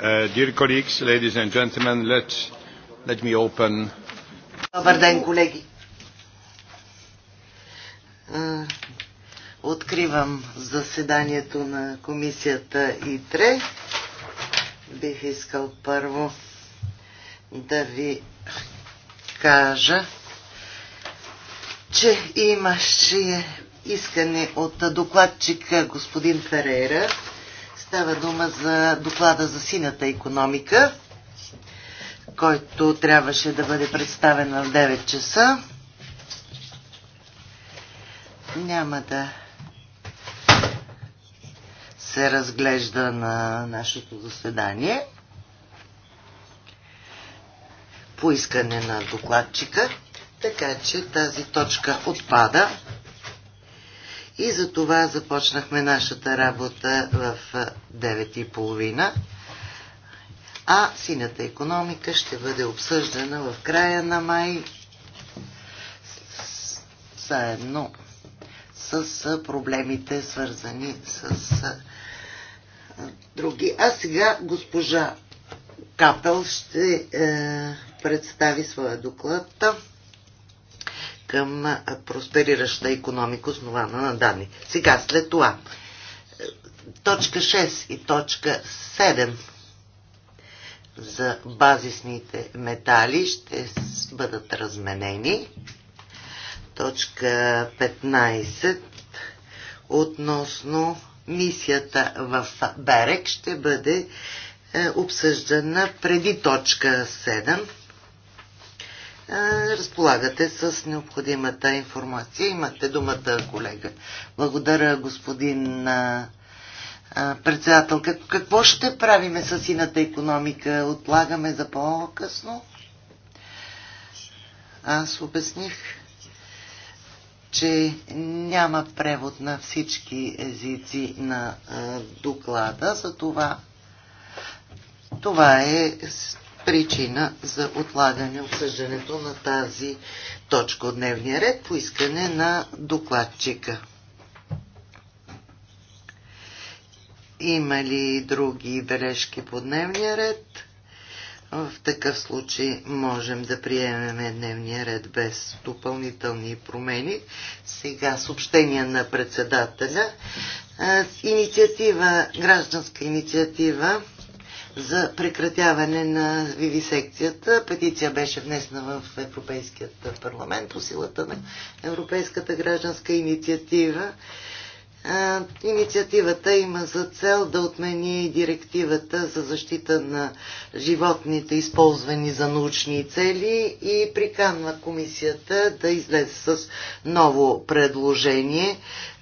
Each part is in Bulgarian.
Uh, dear colleagues, ladies and gentlemen, let me open... Добър ден, колеги! Откривам заседанието на комисията ИТРЕ. Бих искал първо да ви кажа, че имаше искане от докладчика господин Ферера Става дума за доклада за сината економика, който трябваше да бъде представен в 9 часа. Няма да се разглежда на нашето заседание поискане на докладчика, така че тази точка отпада и за това започнахме нашата работа в 9.30. А синята економика ще бъде обсъждана в края на май заедно с проблемите, свързани с други. А сега госпожа Капел ще е, представи своя доклад към просперираща економика, основана на данни. Сега, след това, е, точка 6 и точка 7 за базисните метали ще бъдат разменени. Точка 15 относно мисията в Берек ще бъде е, обсъждана преди точка 7 разполагате с необходимата информация. Имате думата, колега. Благодаря, господин председател. Какво ще правиме с сината економика? Отлагаме за по-късно? Аз обясних, че няма превод на всички езици на доклада, за това това е причина за отлагане обсъждането на тази точка от дневния ред по искане на докладчика. Има ли други бележки по дневния ред? В такъв случай можем да приемем дневния ред без допълнителни промени. Сега съобщение на председателя. Е, инициатива, гражданска инициатива за прекратяване на вивисекцията. Петиция беше внесена в Европейският парламент по силата на Европейската гражданска инициатива. Инициативата има за цел да отмени директивата за защита на животните, използвани за научни цели и приканва комисията да излезе с ново предложение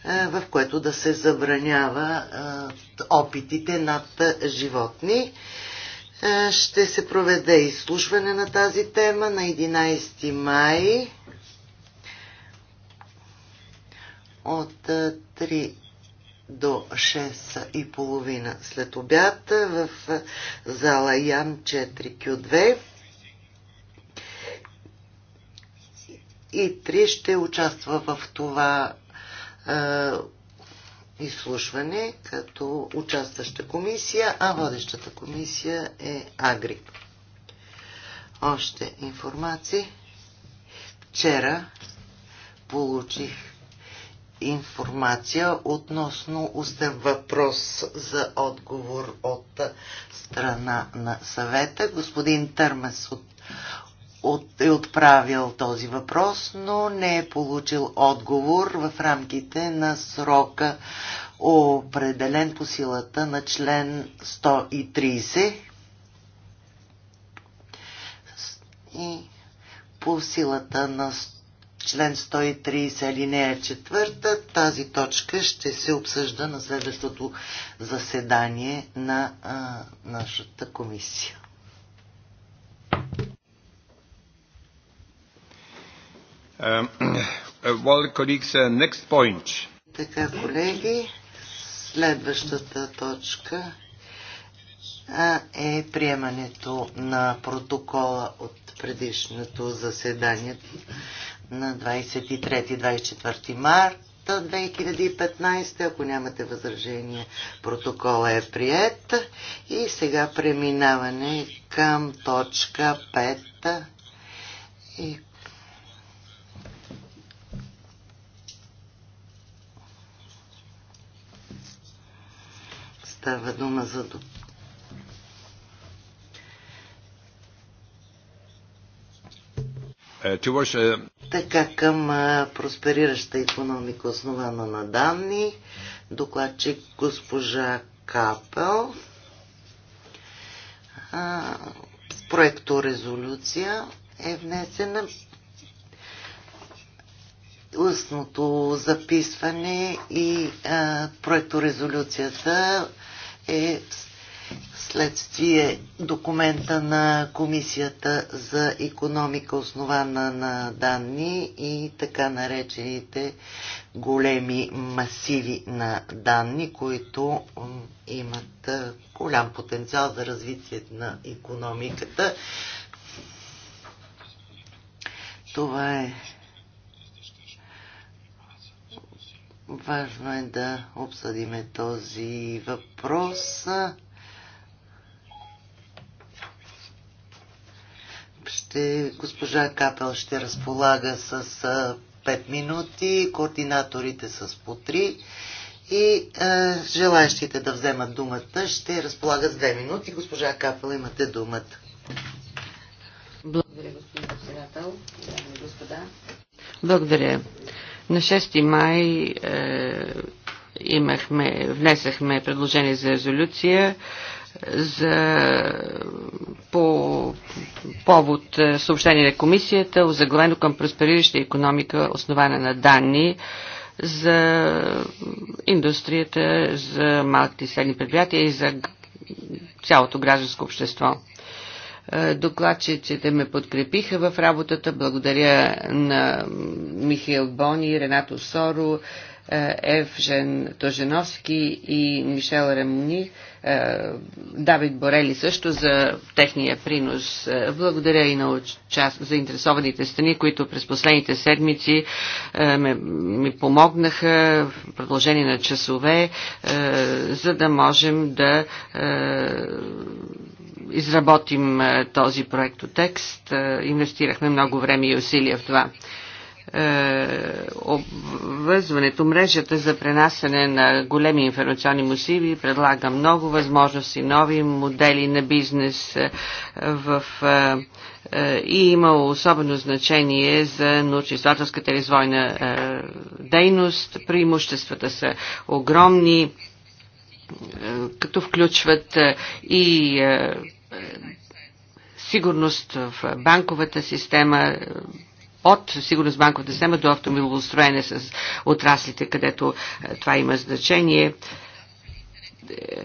в което да се забранява опитите над животни. Ще се проведе изслушване на тази тема на 11 май от 3 до 6 и половина след обяд в зала Ян 4Q2. И 3 ще участва в това е, изслушване като участваща комисия, а водещата комисия е Агри. Още информации. Вчера получих информация относно устен въпрос за отговор от страна на съвета. Господин Търмес от от, е отправил този въпрос, но не е получил отговор в рамките на срока, определен по силата на член 130 и по силата на член 130 алинея 4 тази точка ще се обсъжда на следващото заседание на а, нашата комисия. Um, uh, uh, така, колеги, следващата точка е приемането на протокола от предишното заседание на 23-24 марта 2015. Ако нямате възражение, протокола е прият. И сега преминаване към точка 5 и Става дума за е, е, Така към е, просперираща економика, основана на данни, докладчик госпожа Капел. Проекто резолюция е внесена устното записване и проекто резолюцията е следствие документа на Комисията за економика основана на данни и така наречените големи масиви на данни, които имат голям потенциал за развитие на економиката. Това е Важно е да обсъдиме този въпрос. Ще, госпожа Капел ще разполага с 5 минути, координаторите с по 3 и е, желаящите да вземат думата ще разполагат с 2 минути. Госпожа Капел, имате думата. Благодаря, господин председател. Благодаря. На 6 май е, имахме, внесахме предложение за резолюция е, за, по повод е, съобщение на комисията, озаглавено към просперираща економика, основана на данни за индустрията, за малките и средни предприятия и за цялото гражданско общество. Е, докладчиците ме подкрепиха в работата. Благодаря на Михаил Бони, Ренато Соро, е, Евжен Тоженовски и Мишел Ремони, е, Давид Борели също за техния принос. Благодаря и на част, заинтересованите страни, които през последните седмици ме, ми помогнаха в продължение на часове, за да можем да изработим е, този проектотекст. Е, инвестирахме много време и усилия в това е, обвързването, мрежата за пренасене на големи информационни мусиви предлага много възможности, нови модели на бизнес в и има особено значение за научно-изследователската развойна дейност. Преимуществата са огромни, като включват и сигурност в банковата система, от сигурност банковата система до автомобилостроене с отраслите, където е, това има значение.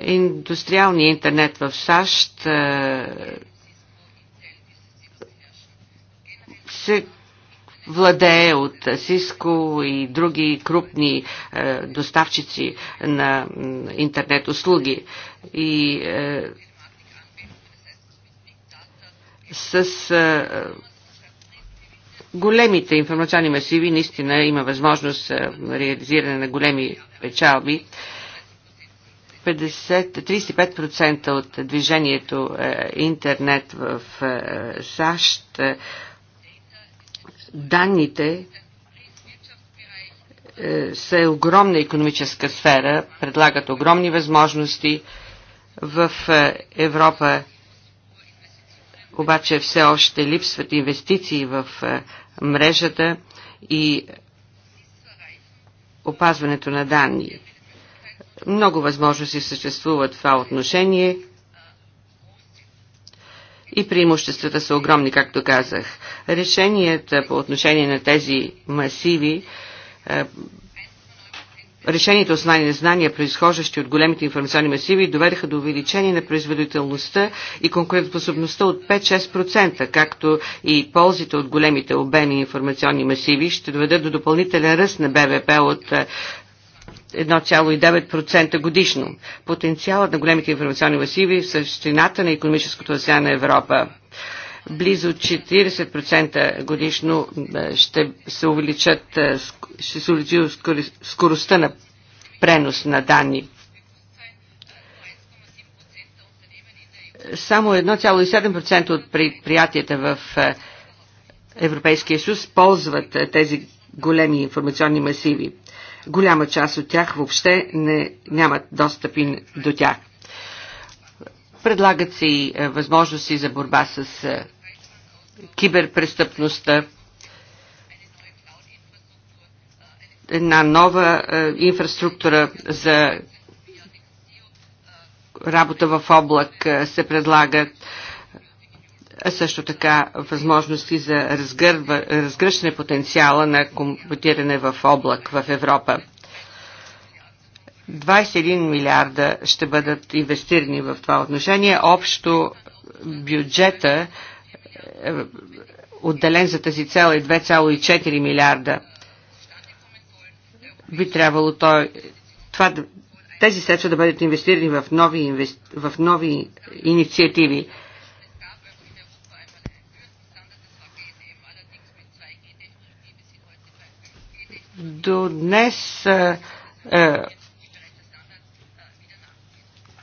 Индустриалния интернет в САЩ е, се владее от Cisco и други крупни е, доставчици на интернет услуги. И с е, е, големите информационни масиви наистина има възможност е, реализиране на големи печалби. 50, 35% от движението е, интернет в а, САЩ, а, данните а, са огромна економическа сфера, предлагат огромни възможности. В Европа обаче все още липсват инвестиции в е, мрежата и опазването на данни. Много възможности съществуват в това отношение и преимуществата са огромни, както казах. Решенията по отношение на тези масиви е, решените на знания, произхождащи от големите информационни масиви, доведаха до увеличение на производителността и конкурентоспособността от 5-6%, както и ползите от големите обеми информационни масиви ще доведат до допълнителен ръст на БВП от 1,9% е, годишно. Потенциалът на големите информационни масиви в същината на економическото развитие на Европа близо 40% годишно е, ще се увеличат, е, ще се увеличи скоростта на пренос на данни. Само 1,7% от предприятията в е, Европейския съюз ползват тези големи информационни масиви. Голяма част от тях въобще не, нямат достъп до тях. Предлагат се и възможности за борба с е, киберпрестъпността, една нова е, инфраструктура за работа в облак е, се предлагат също така възможности за разгръщане потенциала на компютиране в облак в Европа. 21 милиарда ще бъдат инвестирани в това отношение. Общо бюджета е, отделен за тази цел е 2,4 милиарда. Би трябвало той, това, тези средства да бъдат инвестирани в нови, инвести, в нови инициативи. До днес е, е,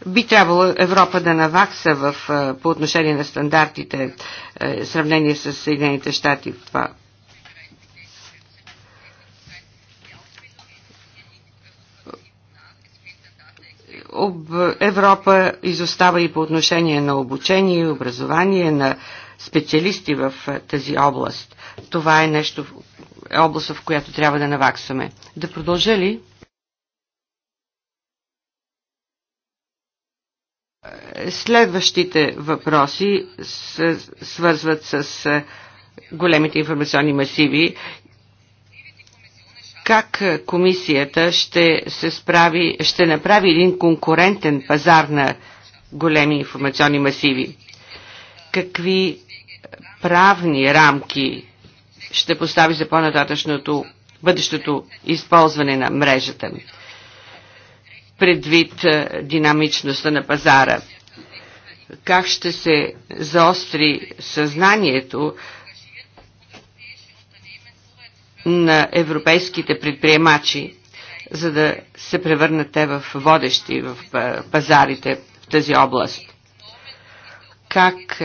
би трябвало Европа да навакса в, по отношение на стандартите, в сравнение с Съединените щати в това Европа изостава и по отношение на обучение и образование на специалисти в тази област. Това е нещо, е област, в която трябва да наваксаме. Да продължа ли? Следващите въпроси се свързват с е, големите информационни масиви. Как е, комисията ще се справи, ще направи един конкурентен пазар на големи информационни масиви? Какви правни рамки ще постави за по-нататъчното бъдещето използване на мрежата ми? предвид динамичността на пазара. Как ще се заостри съзнанието на европейските предприемачи, за да се превърнат те в водещи в пазарите в тази област? Как,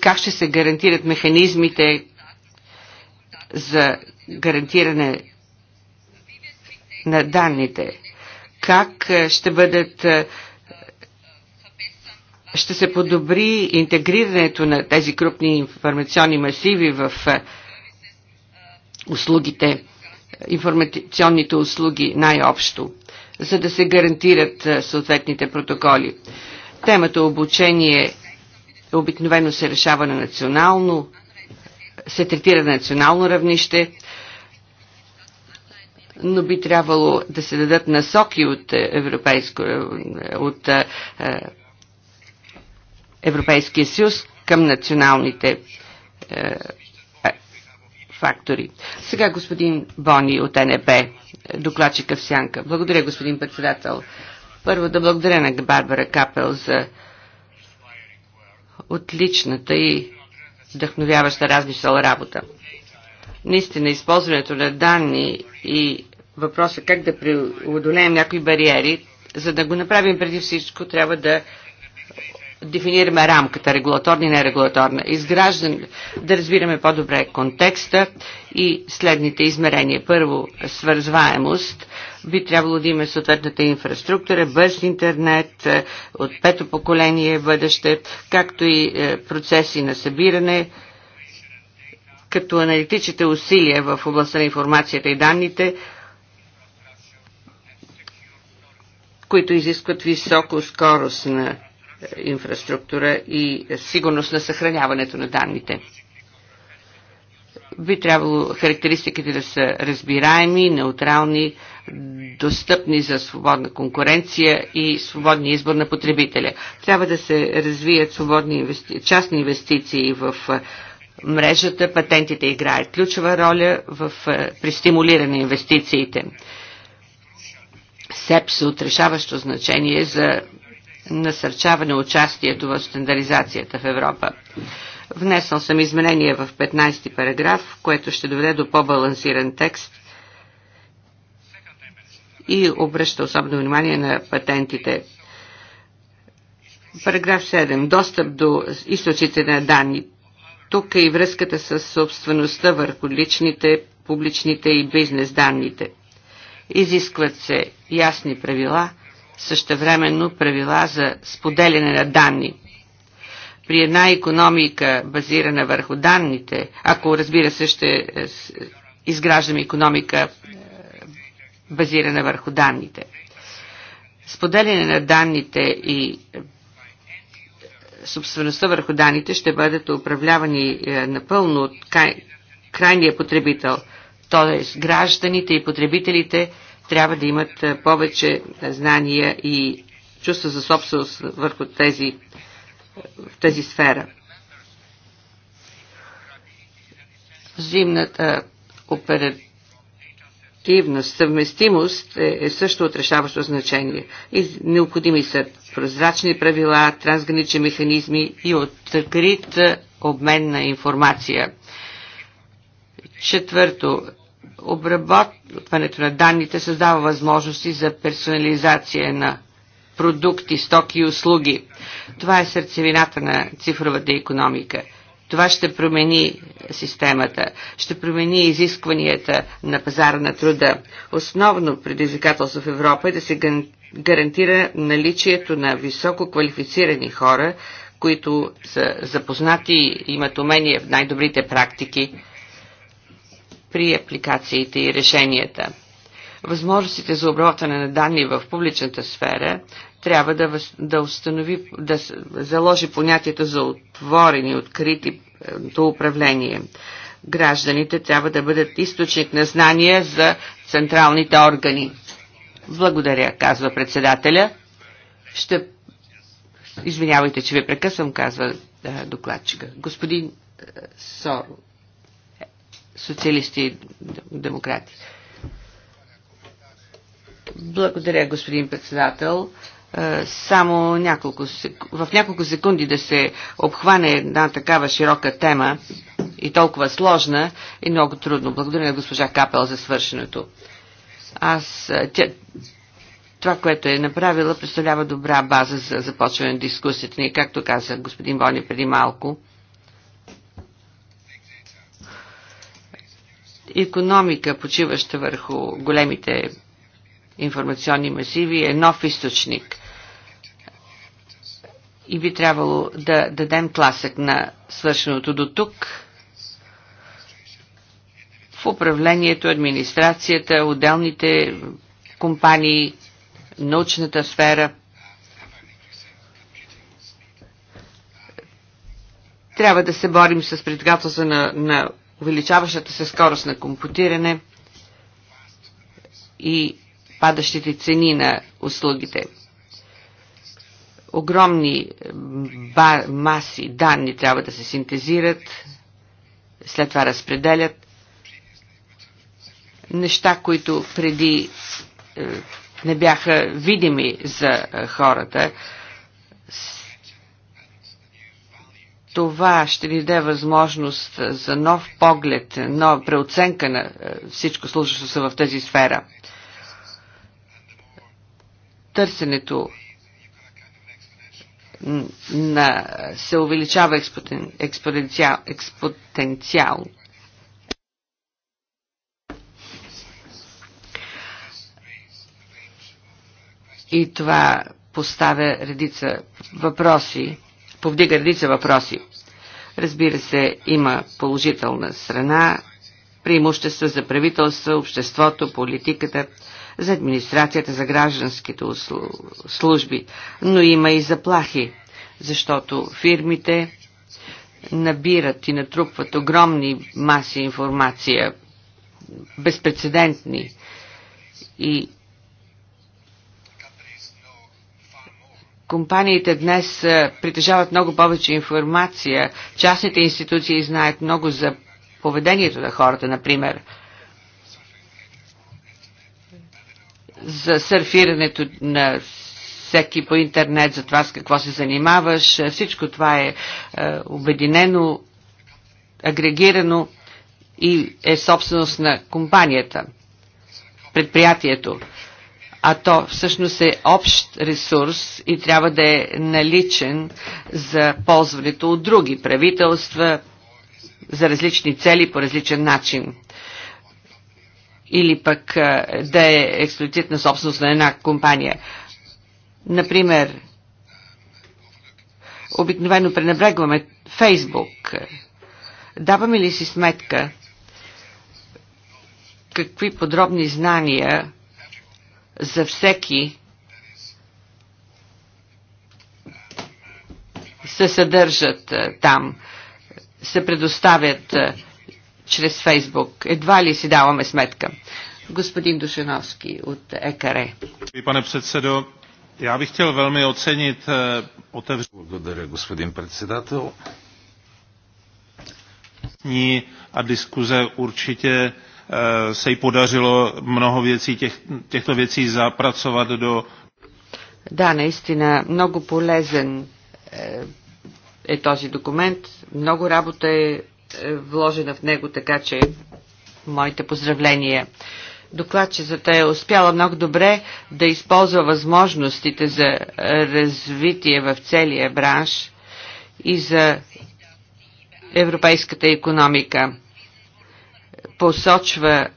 как ще се гарантират механизмите за гарантиране на данните? как е, ще бъдат е, ще се подобри интегрирането на тези крупни информационни масиви в е, услугите, информационните услуги най-общо, за да се гарантират съответните протоколи. Темата обучение обикновено се решава на национално, се третира на национално равнище, но би трябвало да се дадат насоки от, е, европейско, е, от е, Европейския съюз към националните фактори. Сега господин Бони от НЕП, докладчика в Сянка. Благодаря, господин председател. Първо да благодаря на Барбара Капел за отличната и вдъхновяваща размисъл работа наистина използването на данни и въпроса как да преодолеем някои бариери, за да го направим преди всичко, трябва да дефинираме рамката, регулаторна и нерегулаторна, изграждан, да разбираме по-добре контекста и следните измерения. Първо, свързваемост. Би трябвало да има съответната инфраструктура, бърз интернет, е, от пето поколение бъдеще, както и е, процеси на събиране, като аналитичните усилия в областта на информацията и данните, които изискват високо скорост на е, инфраструктура и сигурност на съхраняването на данните. Би трябвало характеристиките да са разбираеми, неутрални, достъпни за свободна конкуренция и свободния избор на потребителя. Трябва да се развият свободни инвести... частни инвестиции в е, мрежата, патентите играят ключова роля в, е, при стимулиране на инвестициите. СЕПС е от решаващо значение за насърчаване участието в стандаризацията в Европа. Внесъл съм изменение в 15 ти параграф, което ще доведе до по-балансиран текст и обръща особено внимание на патентите. Параграф 7. Достъп до източите на данни. Тук е и връзката с собствеността върху личните, публичните и бизнес данните. Изискват се ясни правила, същевременно правила за споделяне на данни. При една економика базирана върху данните, ако разбира се ще е, изграждаме економика е, базирана върху данните. Споделяне на данните и собствеността върху данните ще бъдат управлявани е, напълно от крайния потребител. Т.е. гражданите и потребителите трябва да имат е, повече знания и чувства за собственост върху тези, е, в тази сфера. Зимната оперативна ефективност, съвместимост е, е също от решаващо значение. И необходими са прозрачни правила, трансгранични механизми и открит обмен на информация. Четвърто, обработването на данните създава възможности за персонализация на продукти, стоки и услуги. Това е сърцевината на цифровата економика – това ще промени системата, ще промени изискванията на пазара на труда. Основно предизвикателство в Европа е да се гарантира наличието на високо квалифицирани хора, които са запознати и имат умения в най-добрите практики при апликациите и решенията. Възможностите за обработване на данни в публичната сфера трябва да, да установи, да заложи понятието за отворени, открити до е, управление. Гражданите трябва да бъдат източник на знания за централните органи. Благодаря, казва председателя. Ще... Извинявайте, че ви прекъсвам, казва е, докладчика. Господин е, Соро, социалисти и демократи. Благодаря, господин председател. Е, само няколко, в няколко секунди да се обхване една такава широка тема и толкова сложна и много трудно. Благодаря на госпожа Капел за свършеното. Аз, е, тя, това, което е направила, представлява добра база за започване на дискусията ни, както каза господин Бони преди малко. Економика, почиваща върху големите информационни масиви, е нов източник и би трябвало да дадем тласък на свършеното до тук в управлението, администрацията, отделните компании, научната сфера. Трябва да се борим с предгателства на, на увеличаващата се скорост на компютиране и падащите цени на услугите огромни маси данни трябва да се синтезират, след това разпределят. Неща, които преди е, не бяха видими за е, хората. Това ще ни даде възможност за нов поглед, нова преоценка на е, всичко служащо се в тази сфера. Търсенето на, се увеличава експотен, експотенциал, експотенциал. И това поставя редица въпроси, повдига редица въпроси. Разбира се, има положителна страна, преимущества за правителство, обществото, политиката, за администрацията, за гражданските служби, но има и заплахи, защото фирмите набират и натрупват огромни маси информация, безпредседентни и Компаниите днес притежават много повече информация, частните институции знаят много за поведението на хората, например. за сърфирането на всеки по интернет, за това с какво се занимаваш. Всичко това е, е обединено, агрегирано и е собственост на компанията, предприятието. А то всъщност е общ ресурс и трябва да е наличен за ползването от други правителства за различни цели по различен начин или пък да е ексклюзивна собственост на една компания. Например, обикновено пренебрегваме Фейсбук. Даваме ли си сметка какви подробни знания за всеки се съдържат там, се предоставят чрез Фейсбук. Едва ли си даваме сметка. Господин Душеновски от ЕКАРЕ. Пане председател, я бих хотел velmi оценит е, отевř... Благодаря, господин председател. Ни а дискузе určitě се и podařilo много věcí, техто těchto věcí zapracovat do... Да, наистина, много полезен е, е този документ. Много работа е е вложена в него, така че моите поздравления. Докладчицата е успяла много добре да използва възможностите за развитие в целия бранш и за европейската економика. Посочва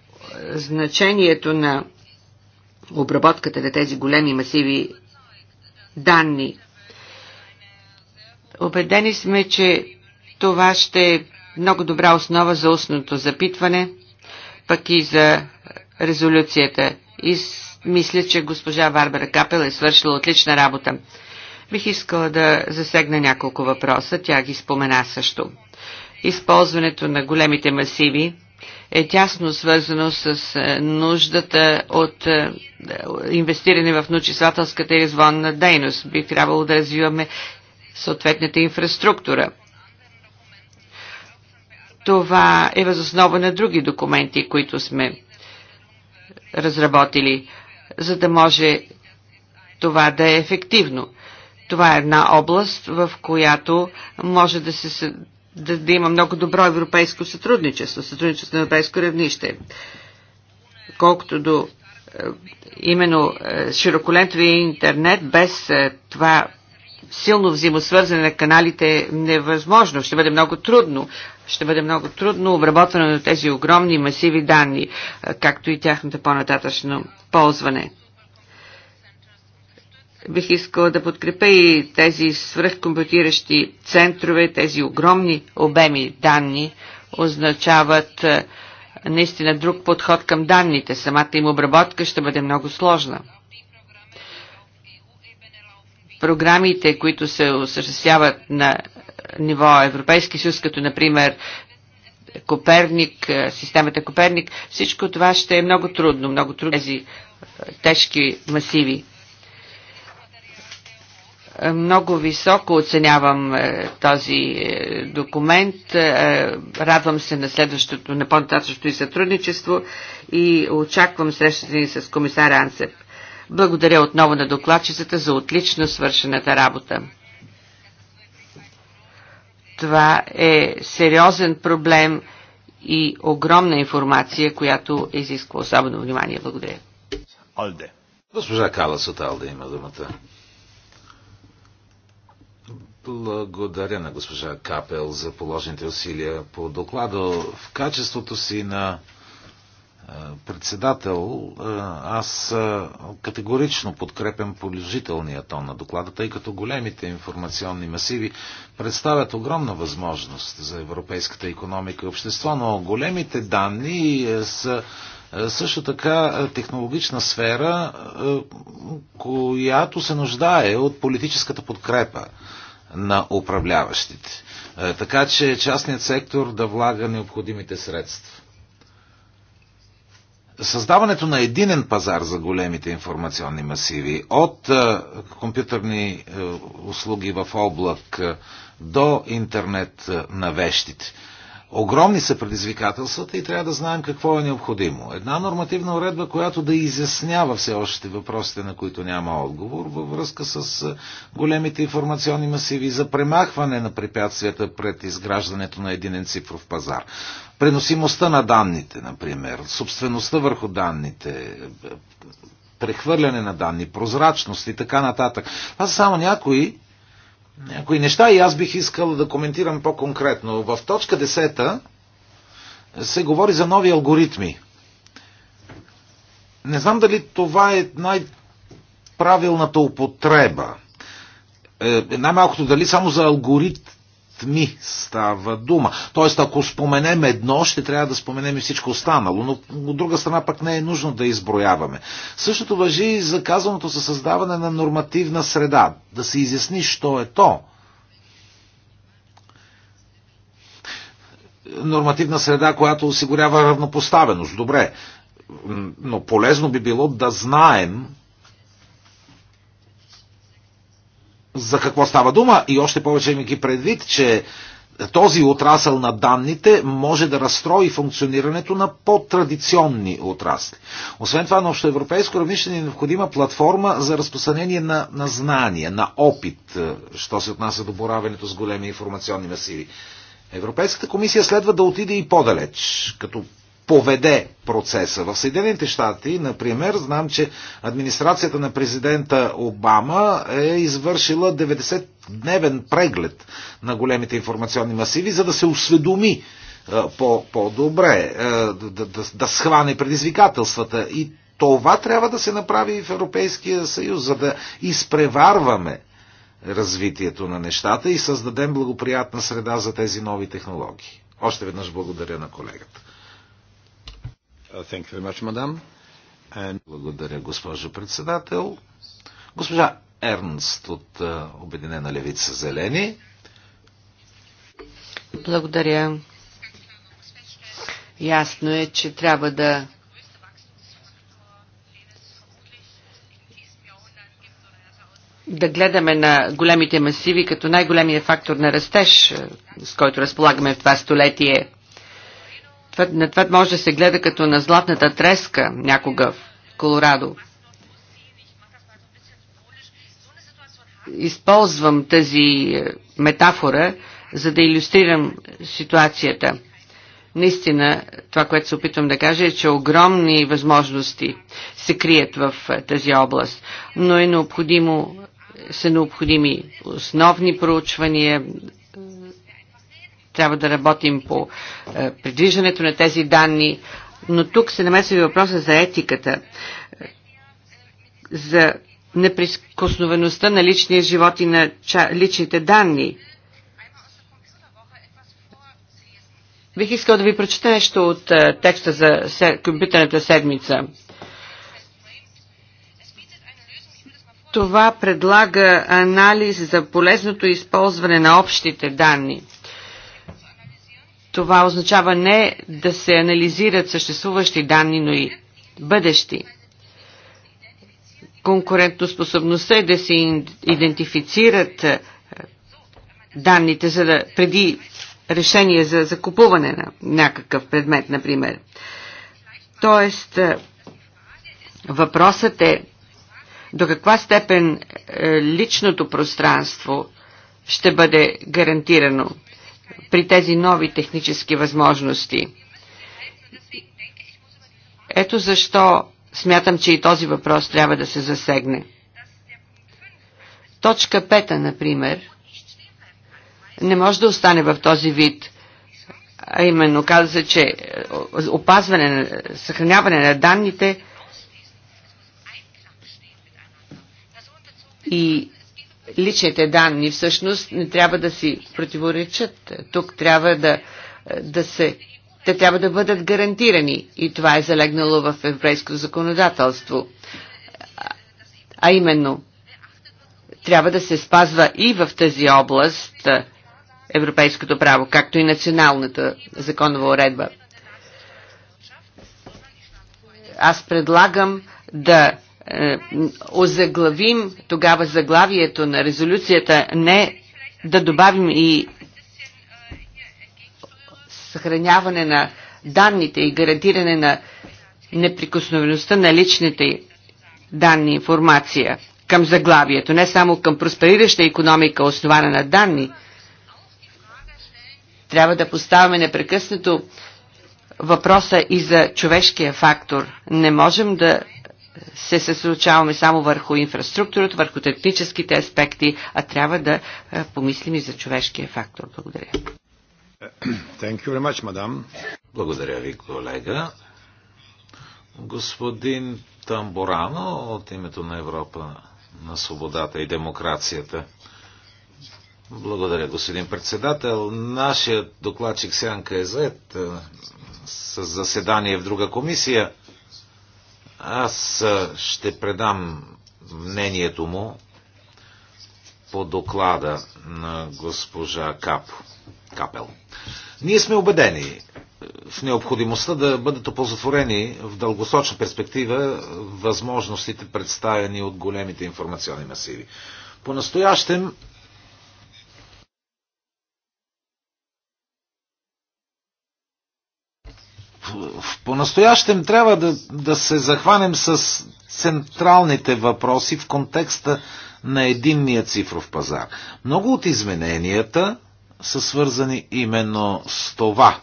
значението на обработката на тези големи масиви данни. Обедени сме, че това ще е много добра основа за устното запитване, пък и за резолюцията. И мисля, че госпожа Барбара Капел е свършила отлична работа. Бих искала да засегна няколко въпроса, тя ги спомена също. Използването на големите масиви е тясно свързано с е, нуждата от е, инвестиране в научествателската и развонна дейност. Би трябвало да развиваме съответната инфраструктура това е възоснова на други документи, които сме разработили, за да може това да е ефективно. Това е една област, в която може да, се, да, да има много добро европейско сътрудничество, сътрудничество на европейско равнище. Колкото до е, именно е, широколентовия широколентови интернет, без е, това силно взаимосвързане на каналите е невъзможно. Ще бъде много трудно ще бъде много трудно обработване на тези огромни масиви данни, както и тяхното по-нататъчно ползване. Бих искала да подкрепя и тези свръхкомпютиращи центрове, тези огромни обеми данни означават наистина друг подход към данните. Самата им обработка ще бъде много сложна програмите, които се осъществяват на ниво Европейски съюз, като например Коперник, е, системата Коперник, всичко това ще е много трудно, много трудно тези е, тежки масиви. Е, много високо оценявам този документ. Радвам се на следващото, на по-нататъчното и сътрудничество и очаквам срещата ни с комисар Ансеп. Благодаря отново на докладчицата за отлично свършената работа. Това е сериозен проблем и огромна информация, която изисква особено внимание. Благодаря. Алде. Госпожа Калас от Алде има думата. Благодаря на госпожа Капел за положените усилия по доклада. В качеството си на председател, аз категорично подкрепям положителния тон на доклада, тъй като големите информационни масиви представят огромна възможност за европейската економика и общество, но големите данни е, са е, също така е, технологична сфера, която се нуждае от политическата подкрепа на управляващите. Така че частният сектор да влага необходимите средства. Създаването на единен пазар за големите информационни масиви от е, компютърни е, услуги в облак е, до интернет на вещите – Огромни са предизвикателствата и трябва да знаем какво е необходимо. Една нормативна уредба, която да изяснява все още въпросите, на които няма отговор, във връзка с големите информационни масиви за премахване на препятствията пред изграждането на единен цифров пазар. Преносимостта на данните, например, собствеността върху данните, прехвърляне на данни, прозрачност и така нататък. Това са само някои някои неща и аз бих искал да коментирам по-конкретно. В точка 10 се говори за нови алгоритми. Не знам дали това е най-правилната употреба. Е, най-малкото дали само за алгорит ми става дума. Тоест, ако споменем едно, ще трябва да споменем и всичко останало, но от друга страна пък не е нужно да изброяваме. Същото въжи и за казаното за създаване на нормативна среда. Да се изясни, що е то. Нормативна среда, която осигурява равнопоставеност. Добре. Но полезно би било да знаем за какво става дума и още повече ми ги предвид, че този отрасъл на данните може да разстрои функционирането на по-традиционни отрасли. Освен това, на общоевропейско равнище ни е необходима платформа за разпространение на, на знания, на опит, е, що се отнася до боравенето с големи информационни масиви. Европейската комисия следва да отиде и по-далеч, като поведе процеса. В Съединените щати, например, знам, че администрацията на президента Обама е извършила 90-дневен преглед на големите информационни масиви, за да се осведоми е, по-добре, -по е, да, да, да схване предизвикателствата. И това трябва да се направи и в Европейския съюз, за да изпреварваме развитието на нещата и създадем благоприятна среда за тези нови технологии. Още веднъж благодаря на колегата. Uh, thank you very much, madam. And... Благодаря, госпожо председател. Госпожа Ернст от е, Обединена левица Зелени. Благодаря. Ясно е, че трябва да да гледаме на големите масиви като най-големия фактор на растеж, е, с който разполагаме в това столетие – на това може да се гледа като на златната треска някога в Колорадо. Използвам тази е, метафора, за да иллюстрирам ситуацията. Наистина, това, което се опитвам да кажа е, че огромни възможности се крият в е, тази област, но е необходимо, са необходими основни проучвания, трябва да работим по е, придвижването на тези данни, но тук се намесва и въпроса за етиката, за неприкосновеността на личния живот и на личните данни. Бих искал да ви прочета нещо от е, текста за компютърната седмица. Това предлага анализ за полезното използване на общите данни – това означава не да се анализират съществуващи данни, но и бъдещи. Конкурентоспособността е да се идентифицират е, данните за да, преди решение за закупуване на някакъв предмет, например. Тоест, е, въпросът е до каква степен е, личното пространство ще бъде гарантирано при тези нови технически възможности. Ето защо смятам, че и този въпрос трябва да се засегне. Точка пета, например, не може да остане в този вид – а именно каза се, че опазване, съхраняване на данните и личните данни всъщност не трябва да си противоречат. Тук трябва да, да се те трябва да бъдат гарантирани и това е залегнало в еврейско законодателство. А именно, трябва да се спазва и в тази област европейското право, както и националната законова уредба. Аз предлагам да е, озаглавим тогава заглавието на резолюцията, не да добавим и съхраняване на данните и гарантиране на неприкосновеността на личните данни информация към заглавието, не само към просперираща економика, основана на данни. Трябва да поставяме непрекъснато въпроса и за човешкия фактор. Не можем да се съсредоточаваме само върху инфраструктурата, върху техническите аспекти, а трябва да помислим и за човешкия фактор. Благодаря. Thank you very much, madam. Благодаря ви, колега. Господин Тамборано от името на Европа на свободата и демокрацията. Благодаря, господин председател. Нашият докладчик Сянка е заед с заседание в друга комисия. Аз ще предам мнението му по доклада на госпожа Кап, Капел. Ние сме убедени е, в необходимостта да бъдат опозотворени в дългосрочна перспектива възможностите представени от големите информационни масиви. По-настоящем по-настоящем трябва да, да се захванем с централните въпроси в контекста на единния цифров пазар. Много от измененията са свързани именно с това.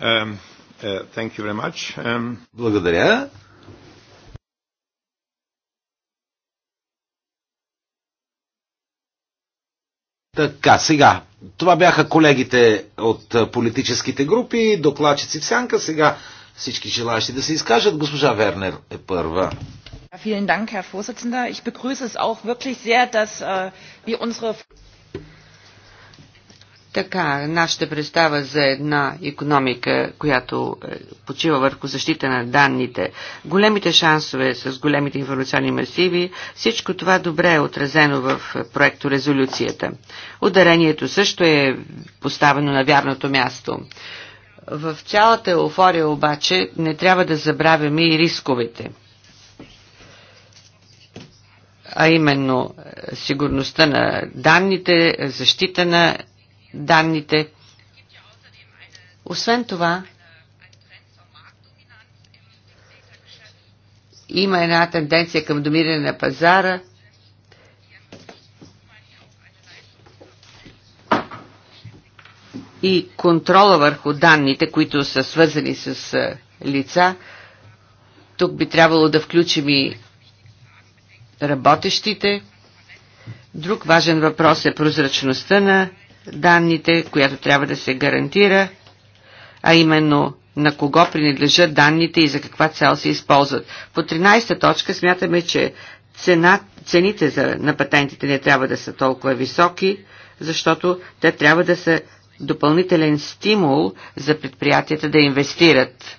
Um, uh, um... Благодаря. Така, сега. Това бяха колегите от политическите групи, докладчици в сянка. Сега всички желаящи да се изкажат. Госпожа Вернер е първа. Vielen Dank, Herr Vorsitzender. Ich begrüße es auch wirklich sehr, dass äh, wir unsere така, нашата представа за една економика, която е, почива върху защита на данните, големите шансове с големите информационни масиви, всичко това добре е отразено в проекто резолюцията. Ударението също е поставено на вярното място. В цялата еуфория обаче не трябва да забравяме и рисковете а именно е, сигурността на данните, защита на данните. Освен това, има една тенденция към домиране на пазара. И контрола върху данните, които са свързани с лица. Тук би трябвало да включим и работещите. Друг важен въпрос е прозрачността на данните, която трябва да се гарантира, а именно на кого принадлежат данните и за каква цел се използват. По 13 точка смятаме, че цена, цените за, на патентите не трябва да са толкова високи, защото те трябва да са допълнителен стимул за предприятията да инвестират.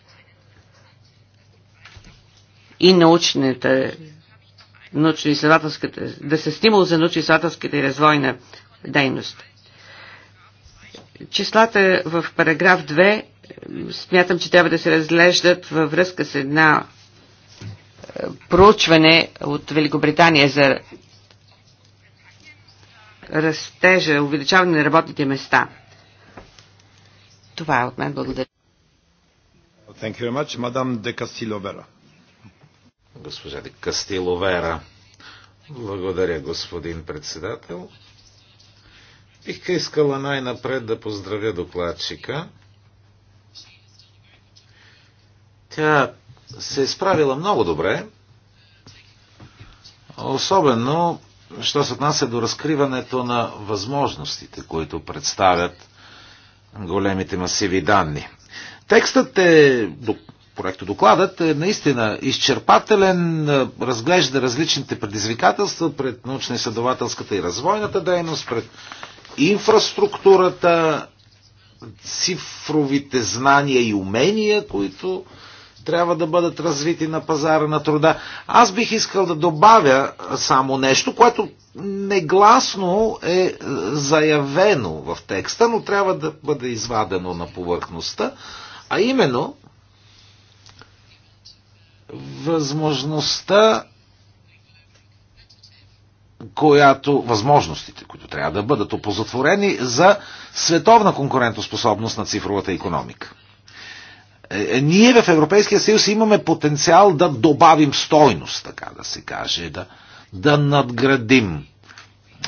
И научната, научно-изследователската, да са стимул за научно-изследователската и развойна дейност. Числата в параграф 2 смятам, че трябва да се разглеждат във връзка с една е, проучване от Великобритания за растежа, увеличаване на работните места. Това е от мен. Благодаря. Thank you very much. Madame de Кастиловера. Госпожа де Кастиловера. Благодаря, господин председател. Бих искала най-напред да поздравя докладчика. Тя се е справила много добре, особено, що се отнася до разкриването на възможностите, които представят големите масиви данни. Текстът е, проекто докладът е наистина изчерпателен, разглежда различните предизвикателства пред научно-изследователската и развойната дейност, пред инфраструктурата, цифровите знания и умения, които трябва да бъдат развити на пазара на труда. Аз бих искал да добавя само нещо, което негласно е заявено в текста, но трябва да бъде извадено на повърхността, а именно възможността която, възможностите, които трябва да бъдат опозатворени за световна конкурентоспособност на цифровата економика. Е, е, ние в Европейския съюз имаме потенциал да добавим стойност, така да се каже, да, да надградим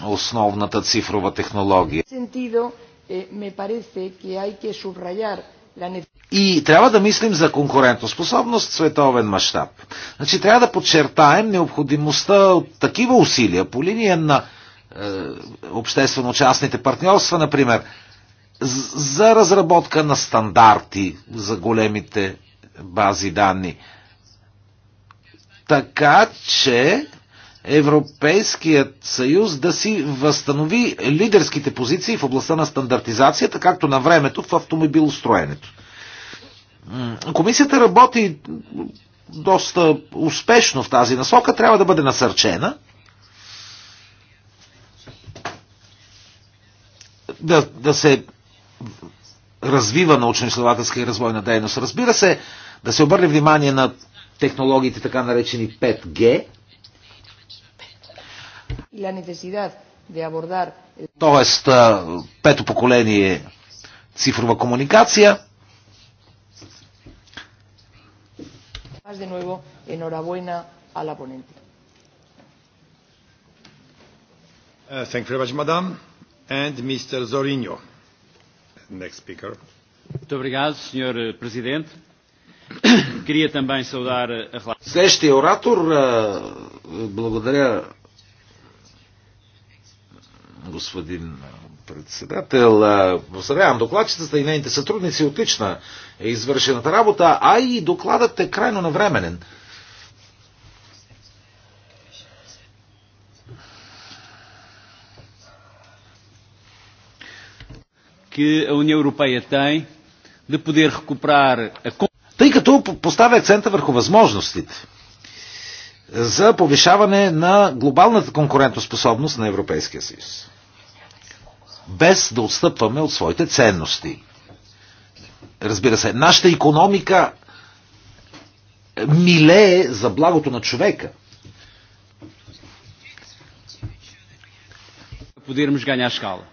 основната цифрова технология. Sentido, eh, me parece que hay que subrayar и трябва да мислим за конкурентоспособност в световен мащаб. Значи трябва да подчертаем необходимостта от такива усилия по линия на е, обществено-частните партньорства, например, за разработка на стандарти за големите бази данни. Така че Европейският съюз да си възстанови лидерските позиции в областта на стандартизацията, както на времето в автомобилостроенето. Комисията работи доста успешно в тази насока, трябва да бъде насърчена. Да, да се развива научно-изследователска и развойна дейност. Разбира се, да се обърне внимание на технологиите, така наречени 5G, Тоест, пето поколение цифрова комуникация. De nuevo, enhorabuena a la ponente. Uh, thank you very much, madam. And Mr. Zorinho, next speaker. Muito obrigado, Sr. Presidente. Queria também saudar a Следващия оратор, благодаря господин председател. Поздравявам докладчицата и нейните сътрудници. Отлична е извършената работа, а и докладът е крайно навременен. Е е Тъй като поставя акцента върху възможностите за повишаване на глобалната конкурентоспособност на Европейския съюз без да отстъпваме от своите ценности. Разбира се, нашата економика милее за благото на човека. Podermos ganhar escala.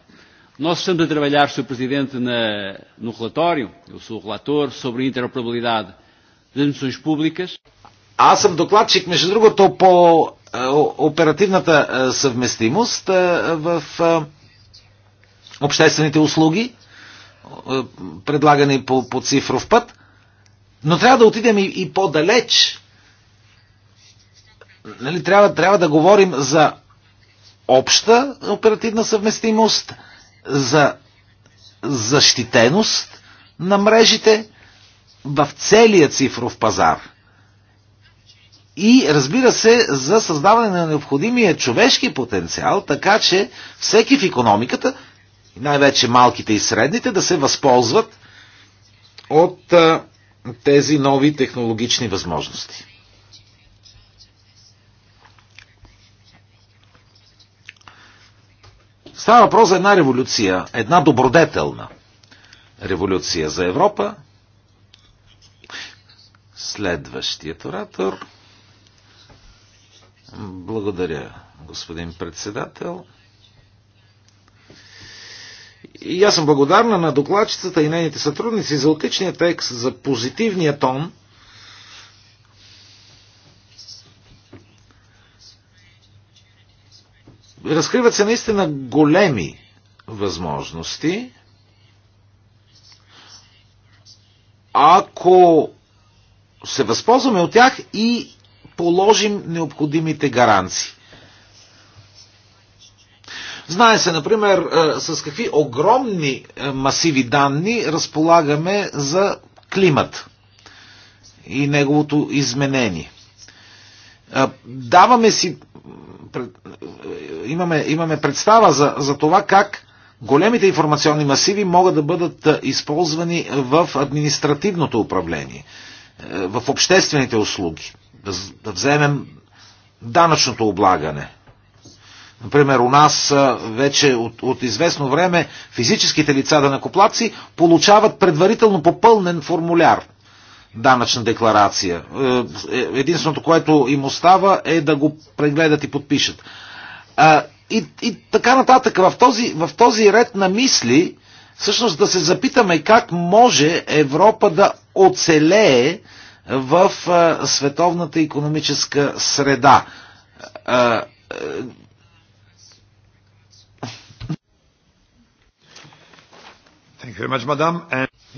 Nós estamos a trabalhar, Sr. Presidente, na, no relatório, eu sou o relator, sobre a interoperabilidade das missões públicas. Аз съм докладчик, между другото, по е, оперативната е, съвместимост е, в обществените услуги, е, предлагани по, по цифров път, но трябва да отидем и, и по-далеч. Нали, трябва, трябва да говорим за обща оперативна съвместимост, за защитеност на мрежите в целия цифров пазар. И разбира се, за създаване на необходимия човешки потенциал, така че всеки в економиката най-вече малките и средните, да се възползват от а, тези нови технологични възможности. Става въпрос за една революция, една добродетелна революция за Европа. Следващият оратор. Благодаря, господин председател. И аз съм благодарна на докладчицата и нейните сътрудници за отличния текст, за позитивния тон. Разкриват се наистина големи възможности. Ако се възползваме от тях и положим необходимите гаранции. Знае се, например, е, с какви огромни е, масиви данни разполагаме за климат и неговото изменение. Е, даваме си, имаме, имаме представа за, за това как големите информационни масиви могат да бъдат използвани в административното управление, в обществените услуги. Да вземем данъчното облагане – Например, у нас вече от, от известно време физическите лица данакоплаци получават предварително попълнен формуляр данъчна декларация. Е, е, единственото, което им остава е да го прегледат и подпишат. И, и така нататък. В този, в този ред на мисли, всъщност да се запитаме как може Европа да оцелее в световната економическа среда е,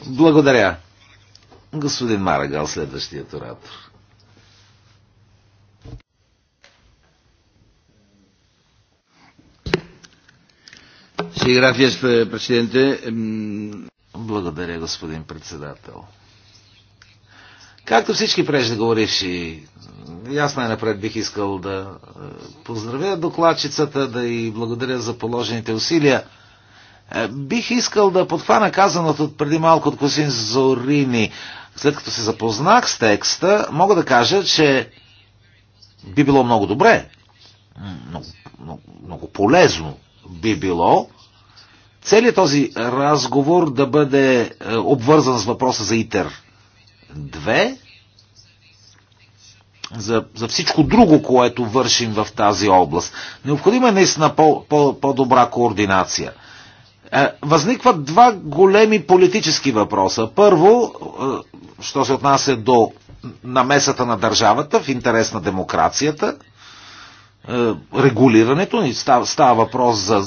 Благодаря. Господин Марагал, следващият оратор. Eh, благодаря, господин председател. Както всички преждеговоривши, аз най-напред бих искал да е, поздравя докладчицата, да и благодаря за положените усилия. Е, бих искал да подхвана казаното преди малко от Косин Зорини. След като се запознах с текста, мога да кажа, че би било много добре, много, много, много полезно би било целият този разговор да бъде е, обвързан с въпроса за ИТЕР 2, за, за всичко друго, което вършим в тази област. Необходима е наистина по-добра по, по, по координация – е, възникват два големи политически въпроса. Първо, е, що се отнася до намесата на държавата в интерес на демокрацията, е, регулирането, става, става въпрос за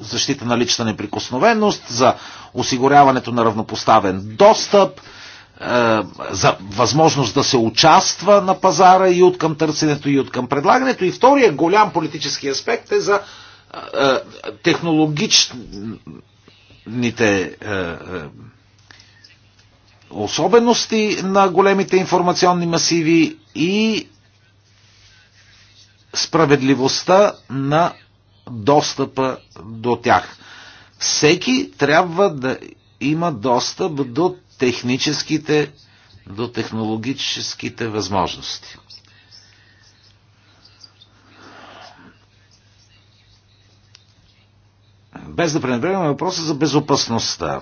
защита на лична неприкосновеност, за осигуряването на равнопоставен достъп, за възможност да се участва на пазара и от към търсенето, и от към предлагането. И втория голям политически аспект е за технологичните особености на големите информационни масиви и справедливостта на достъпа до тях. Всеки трябва да има достъп до техническите, до технологическите възможности. без да пренебрегваме въпроса за безопасността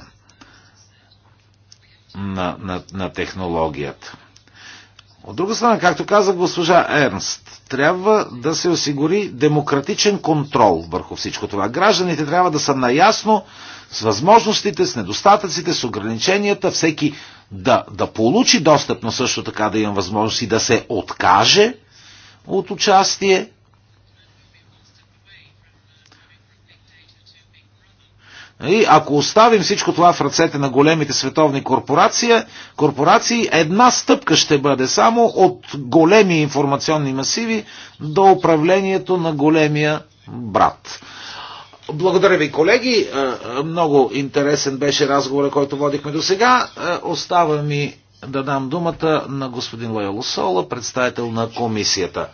на, на, на технологията. От друга страна, както каза госпожа Ернст, трябва да се осигури демократичен контрол върху всичко това. Гражданите трябва да са наясно с възможностите, с недостатъците, с ограниченията, всеки да, да получи достъп, но също така да има възможност и да се откаже от участие И нали? ако оставим всичко това в ръцете на големите световни корпорации, корпорации, една стъпка ще бъде само от големи информационни масиви до управлението на големия брат. Благодаря ви, колеги. Е, е, много интересен беше разговора, който водихме до сега. Е, остава ми да дам думата на господин Лойло Сола, представител на комисията.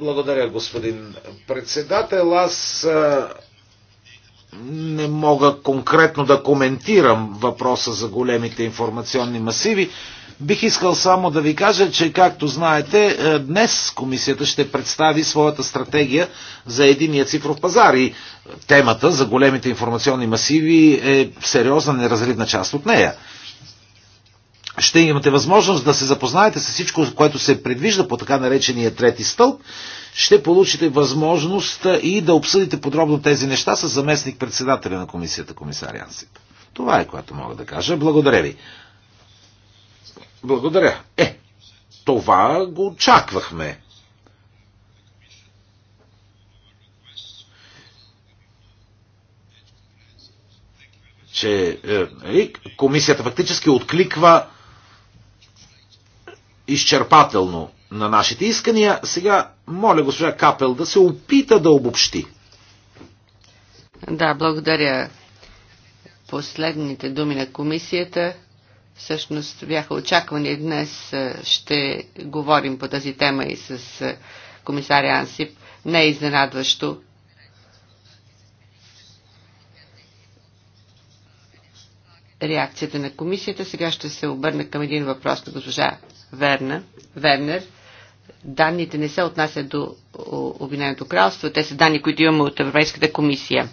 Благодаря, господин председател. Аз не мога конкретно да коментирам въпроса за големите информационни масиви. Бих искал само да ви кажа, че както знаете, е, днес комисията ще представи своята стратегия за единия цифров пазар и темата за големите информационни масиви е сериозна неразривна част от нея. Ще имате възможност да се запознаете с всичко, което се предвижда по така наречения трети стълб ще получите възможност и да обсъдите подробно тези неща с заместник председателя на комисията, комисар Янсип. Това е което мога да кажа. Благодаря ви. Благодаря. Е, това го очаквахме. че е, нали, комисията фактически откликва изчерпателно на нашите искания. Сега моля госпожа Капел да се опита да обобщи. Да, благодаря. Последните думи на комисията всъщност бяха очаквани. Днес ще говорим по тази тема и с комисаря Ансип. Не е изненадващо. Реакцията на комисията. Сега ще се обърна към един въпрос на госпожа Верна, Вернер. Данните не се отнасят до Обединеното кралство, те са данни, които имаме от Европейската комисия.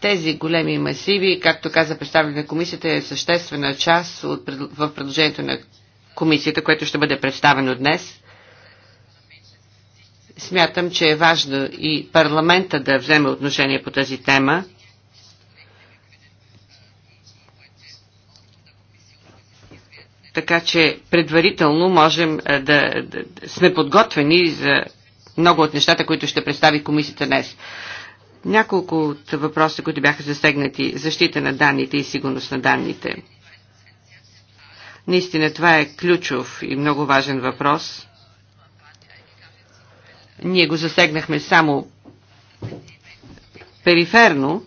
Тези големи масиви, както каза представителя на комисията, е съществена част от, в предложението на комисията, което ще бъде представено днес. Смятам, че е важно и парламента да вземе отношение по тази тема така че предварително можем е, да, да, да сме подготвени за много от нещата, които ще представи комисията днес. Няколко от въпроса, които бяха засегнати, защита на данните и сигурност на данните. Наистина това е ключов и много важен въпрос. Ние го засегнахме само периферно,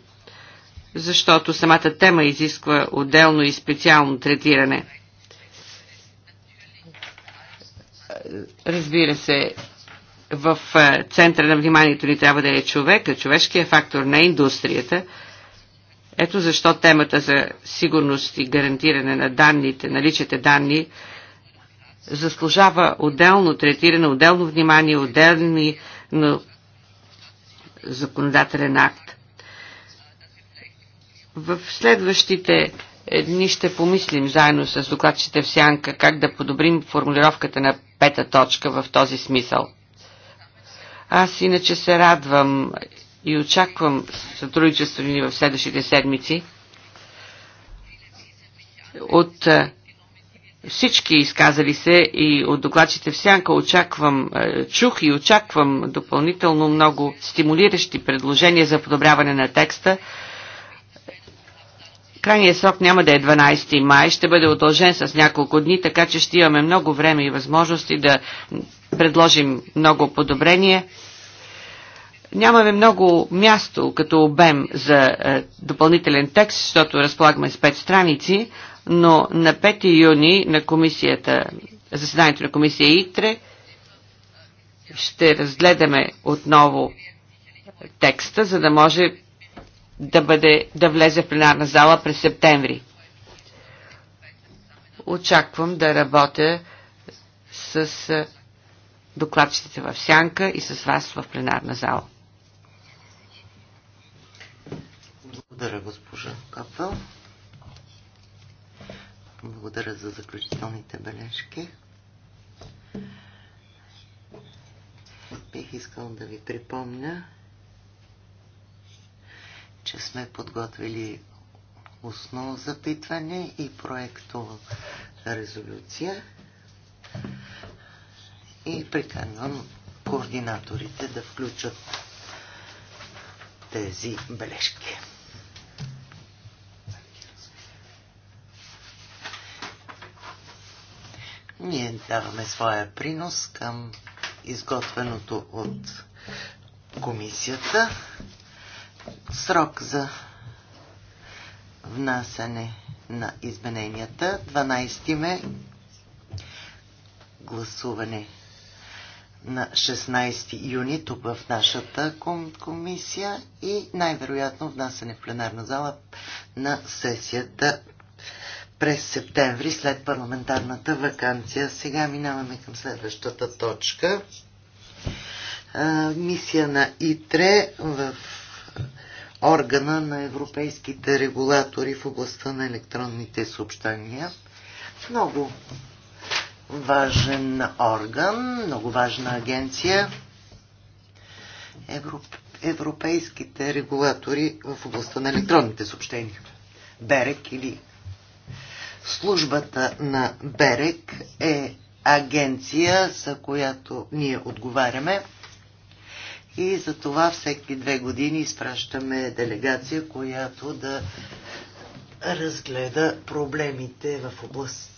защото самата тема изисква отделно и специално третиране – разбира се, в е, центъра на вниманието ни трябва да е човека, човешкия фактор, не е индустрията. Ето защо темата за сигурност и гарантиране на данните, наличите данни, заслужава отделно третиране, отделно внимание, отделни но законодателен акт. В следващите дни ще помислим заедно с докладчите в Сянка как да подобрим формулировката на пета точка в този смисъл. Аз иначе се радвам и очаквам сътрудничество ни в следващите седмици. От е, всички изказали се и от докладчите в сянка очаквам, е, чух и очаквам допълнително много стимулиращи предложения за подобряване на текста. Крайният срок няма да е 12 май, ще бъде удължен с няколко дни, така че ще имаме много време и възможности да предложим много подобрение. Нямаме много място като обем за е, допълнителен текст, защото разполагаме с 5 страници, но на 5 юни на комисията, заседанието на комисия ИТРЕ ще разгледаме отново текста, за да може да, бъде, да влезе в пленарна зала през септември. Очаквам да работя с докладчиците в Сянка и с вас в пленарна зала. Благодаря, госпожа Капел. Благодаря за заключителните бележки. Бих искал да ви припомня, че сме подготвили основно запитване и проекто резолюция. И приканвам координаторите да включат тези бележки. Ние даваме своя принос към изготвеното от комисията Срок за внасяне на измененията. 12 ме гласуване на 16 юни тук в нашата комисия и най-вероятно внасяне в пленарна зала на сесията през септември след парламентарната вакансия. Сега минаваме към следващата точка. мисия на ИТРЕ в органа на европейските регулатори в областта на електронните съобщения. Много важен орган, много важна агенция. Европейските регулатори в областта на електронните съобщения. Берек или службата на Берек е агенция, за която ние отговаряме и за това всеки две години изпращаме делегация, която да разгледа проблемите в област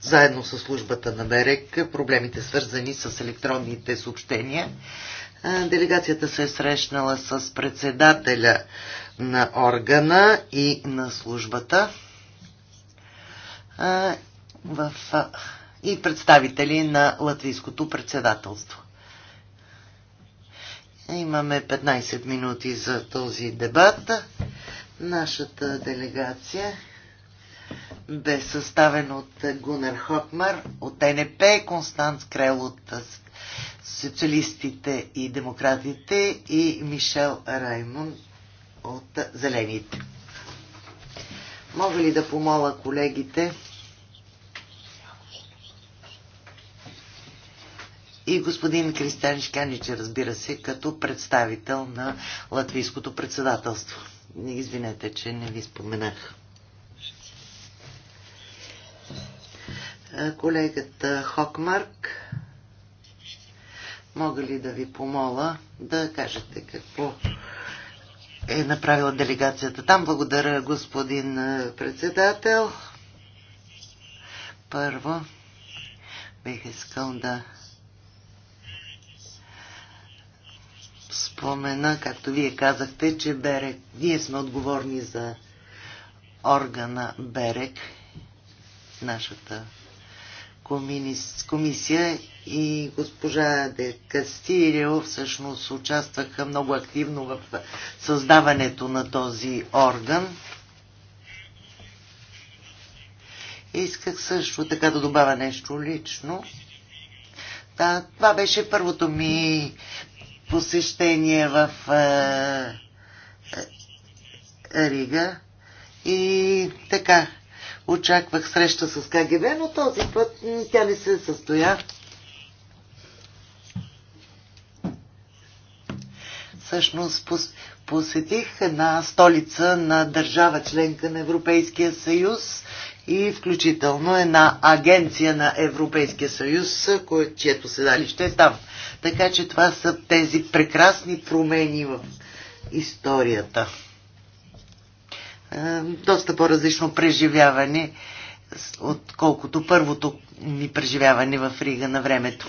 заедно с службата на БЕРЕК, проблемите свързани с електронните съобщения. Делегацията се е срещнала с председателя на органа и на службата и представители на латвийското председателство. Имаме 15 минути за този дебат. Нашата делегация бе съставена от Гунер Хокмар от НП, Констант Крел от социалистите и демократите и Мишел Раймон от Зелените. Мога ли да помоля колегите и господин Кристиан Шканич, разбира се, като представител на латвийското председателство. Извинете, че не ви споменах. Е, колегата Хокмарк, мога ли да ви помоля да кажете какво е направила делегацията там? Благодаря, господин е, председател. Първо, бих искал да спомена, както вие казахте, че Берек, ние сме отговорни за органа Берек, нашата комисия и госпожа Де Кастирио всъщност участваха много активно в създаването на този орган. Исках също така да добавя нещо лично. Да, това беше първото ми, посещение в е, е, Рига и така очаквах среща с КГБ, но този път тя не се състоя. Всъщност посетих една столица на държава членка на Европейския съюз и включително една агенция на Европейския съюз, чието седалище е там. Така че това са тези прекрасни промени в историята. Е, доста по-различно преживяване, отколкото първото ни преживяване в Рига на времето.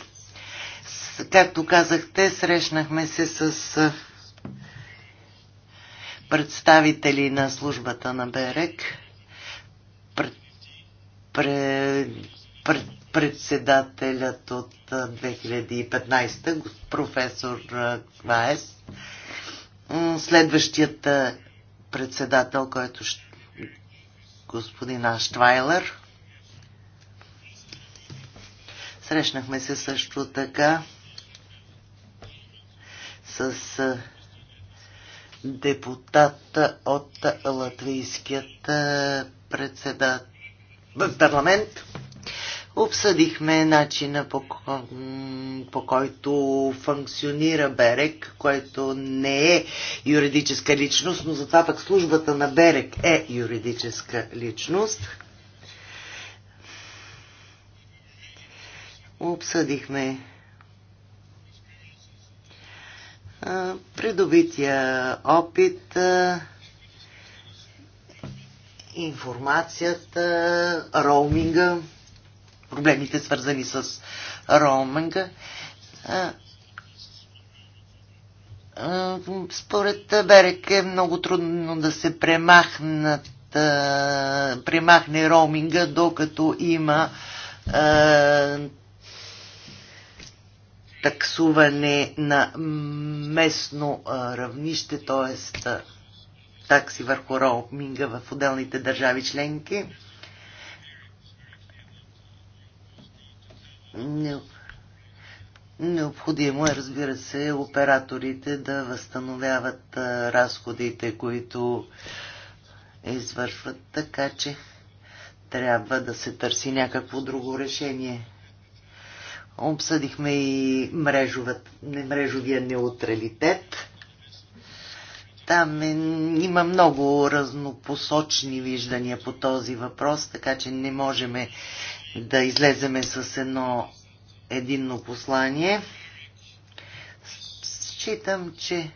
Както казахте, срещнахме се с е, представители на службата на Берек пред, пред, председателят от 2015, професор Квайс. Следващият председател, който ще господин Аштвайлер. Срещнахме се също така с депутата от Латвийският председател в парламент обсъдихме начина по, по който функционира Берек, който не е юридическа личност, но затова пък службата на Берек е юридическа личност. Обсъдихме придобития опит, информацията, роуминга, проблемите свързани с роуминга. Според Берек е много трудно да се премахнат, премахне роуминга, докато има таксуване на местно равнище, т.е такси върху роуминга в отделните държави членки. Необходимо е, разбира се, операторите да възстановяват разходите, които извършват, така че трябва да се търси някакво друго решение. Обсъдихме и мрежовия неутралитет. Там е, има много разнопосочни виждания по този въпрос, така че не можем да излеземе с едно единно послание. Считам, че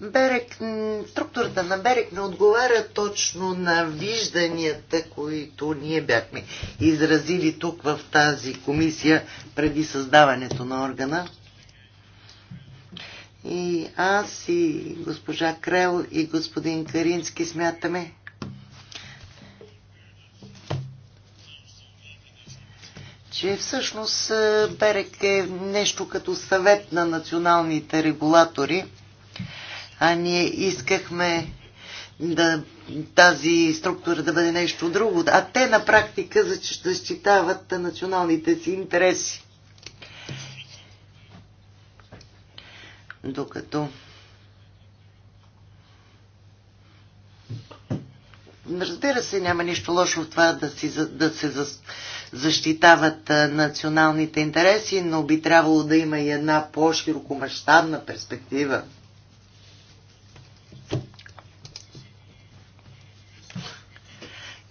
Берек, структурата на Берек не отговаря точно на вижданията, които ние бяхме изразили тук в тази комисия преди създаването на органа. И аз, и госпожа Крел, и господин Карински смятаме, че всъщност е, Берек е нещо като съвет на националните регулатори а ние искахме да, тази структура да бъде нещо друго. А те на практика защитават националните си интереси. Докато Разбира се, няма нищо лошо в това да, си, да се защитават националните интереси, но би трябвало да има и една по-широкомащабна перспектива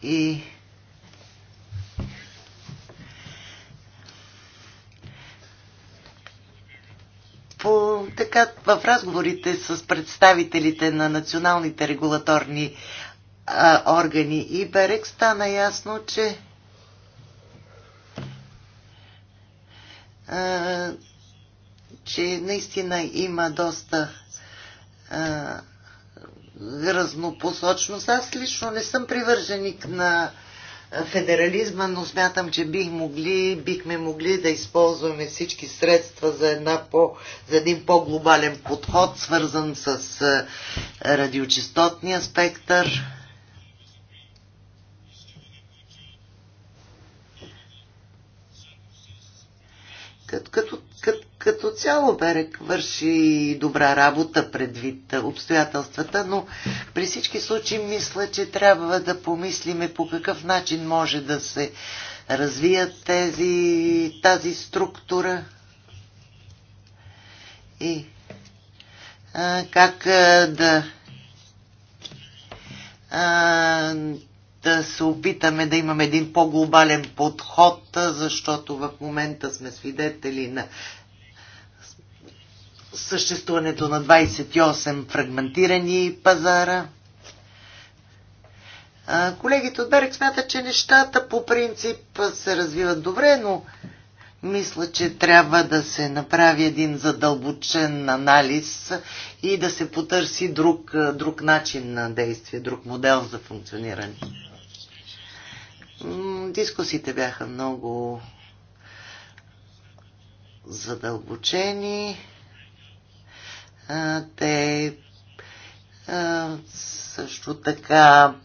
и по, така, в разговорите с представителите на националните регулаторни а, органи и Берек стана ясно, че а, че наистина има доста а, разнопосочност. Аз лично не съм привърженик на федерализма, но смятам, че бих могли, бихме могли да използваме всички средства за, една по, за един по-глобален подход, свързан с е, радиочастотния спектър. Като, като, като, като цяло Берек върши добра работа предвид обстоятелствата, но при всички случаи мисля, че трябва да помислиме по какъв начин може да се развият тези, тази структура и а, как а, да а, да се опитаме да имаме един по-глобален подход, защото в момента сме свидетели на съществуването на 28 фрагментирани пазара. Колегите от Берек смятат, че нещата по принцип се развиват добре, но мисля, че трябва да се направи един задълбочен анализ и да се потърси друг, друг начин на действие, друг модел за функциониране. Дискусите бяха много задълбочени. Те също така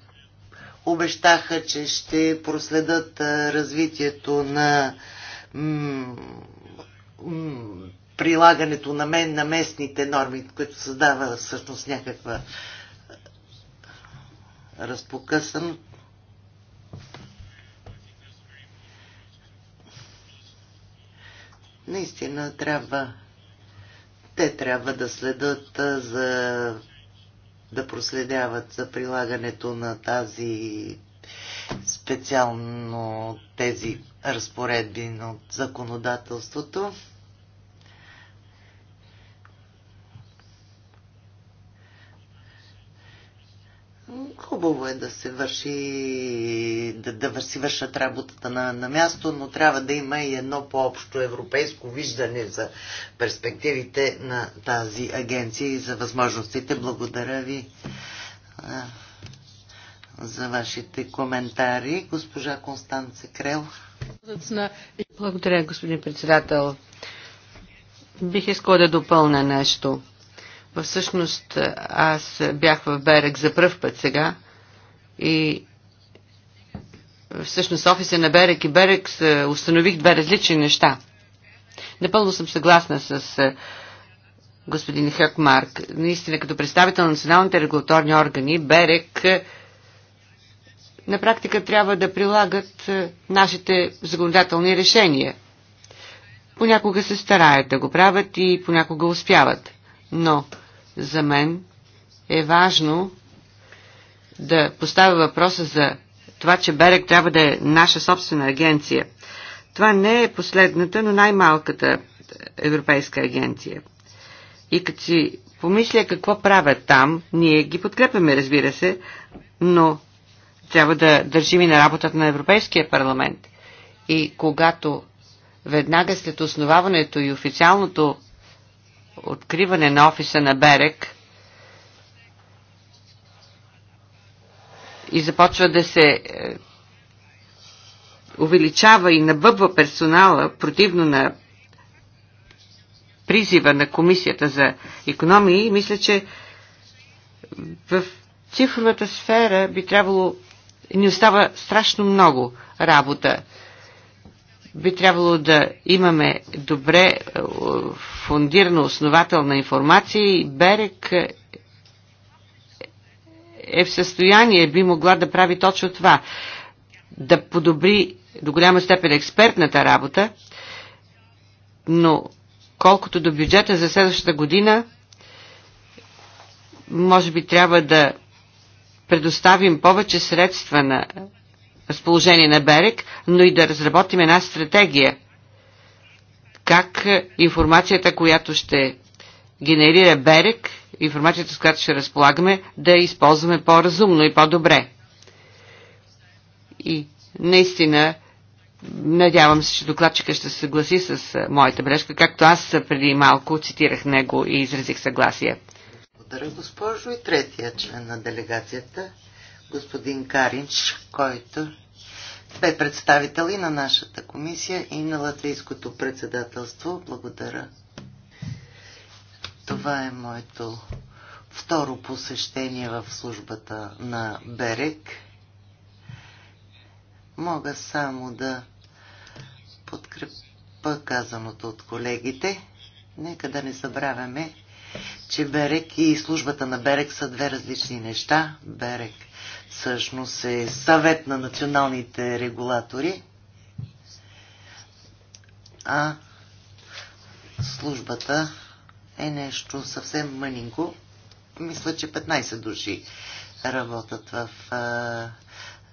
обещаха, че ще проследат развитието на прилагането на мен на местните норми, които създава всъщност някаква разпокъсан. Наистина трябва те трябва да следат за да проследяват за прилагането на тази специално тези разпоредби от законодателството. Хубаво е да се върши, да, да си вършат работата на, на място, но трябва да има и едно по-общо европейско виждане за перспективите на тази агенция и за възможностите. Благодаря ви а, за вашите коментари. Госпожа Констанце Крел. Благодаря, господин председател. Бих искала да допълня нещо. Всъщност аз бях в Берег за пръв път сега и всъщност офиса на Берег и Берег установих две различни неща. Напълно съм съгласна с господин Хакмарк. Наистина, като представител на националните регулаторни органи, Берег на практика трябва да прилагат нашите законодателни решения. Понякога се стараят да го правят и понякога успяват. Но за мен е важно да поставя въпроса за това, че Берег трябва да е наша собствена агенция. Това не е последната, но най-малката европейска агенция. И като си помисля какво правят там, ние ги подкрепяме, разбира се, но трябва да държим и на работата на Европейския парламент. И когато веднага след основаването и официалното откриване на офиса на Берек и започва да се е, увеличава и набъбва персонала противно на призива на Комисията за економии, мисля, че в цифровата сфера би трябвало ни остава страшно много работа. Би трябвало да имаме добре е, фундирана основателна информация и Берек е, е в състояние, би могла да прави точно това. Да подобри до голяма степен експертната работа, но колкото до бюджета за следващата година, може би трябва да предоставим повече средства на разположение на Берег, но и да разработим една стратегия. Как информацията, която ще генерира Берег, информацията, с която ще разполагаме, да използваме по-разумно и по-добре. И наистина, надявам се, че докладчика ще се съгласи с моята бележка, както аз преди малко цитирах него и изразих съгласие. Благодаря, госпожо. И третия член на делегацията господин Каринч, който бе представител и на нашата комисия, и на латвийското председателство. Благодаря. Това е моето второ посещение в службата на БЕРЕК. Мога само да подкрепа казаното от колегите. Нека да не забравяме, че БЕРЕК и службата на Берек са две различни неща. БЕРЕК всъщност е съвет на националните регулатори, а службата е нещо съвсем мънинко. Мисля, че 15 души работят в а,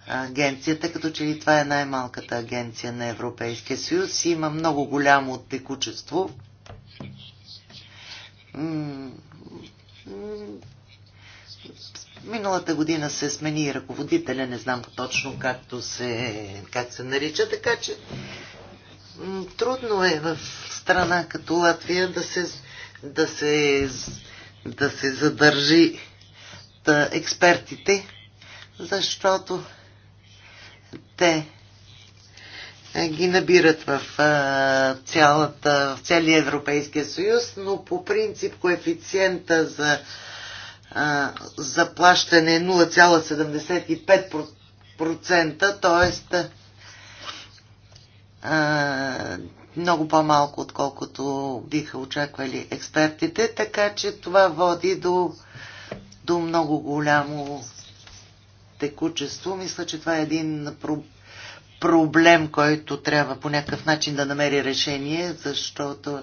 агенцията, като че ли това е най-малката агенция на Европейския съюз и има много голямо текучество. М Миналата година се смени ръководителя, не знам точно както се, как се нарича, така че трудно е в страна като Латвия да се, да се, да се задържи да експертите, защото те е, ги набират в, цялата, в целия Европейския съюз, но по принцип коефициента за заплащане 0,75%, т.е. много по-малко, отколкото биха очаквали експертите, така че това води до, до много голямо текучество. Мисля, че това е един проблем, който трябва по някакъв начин да намери решение, защото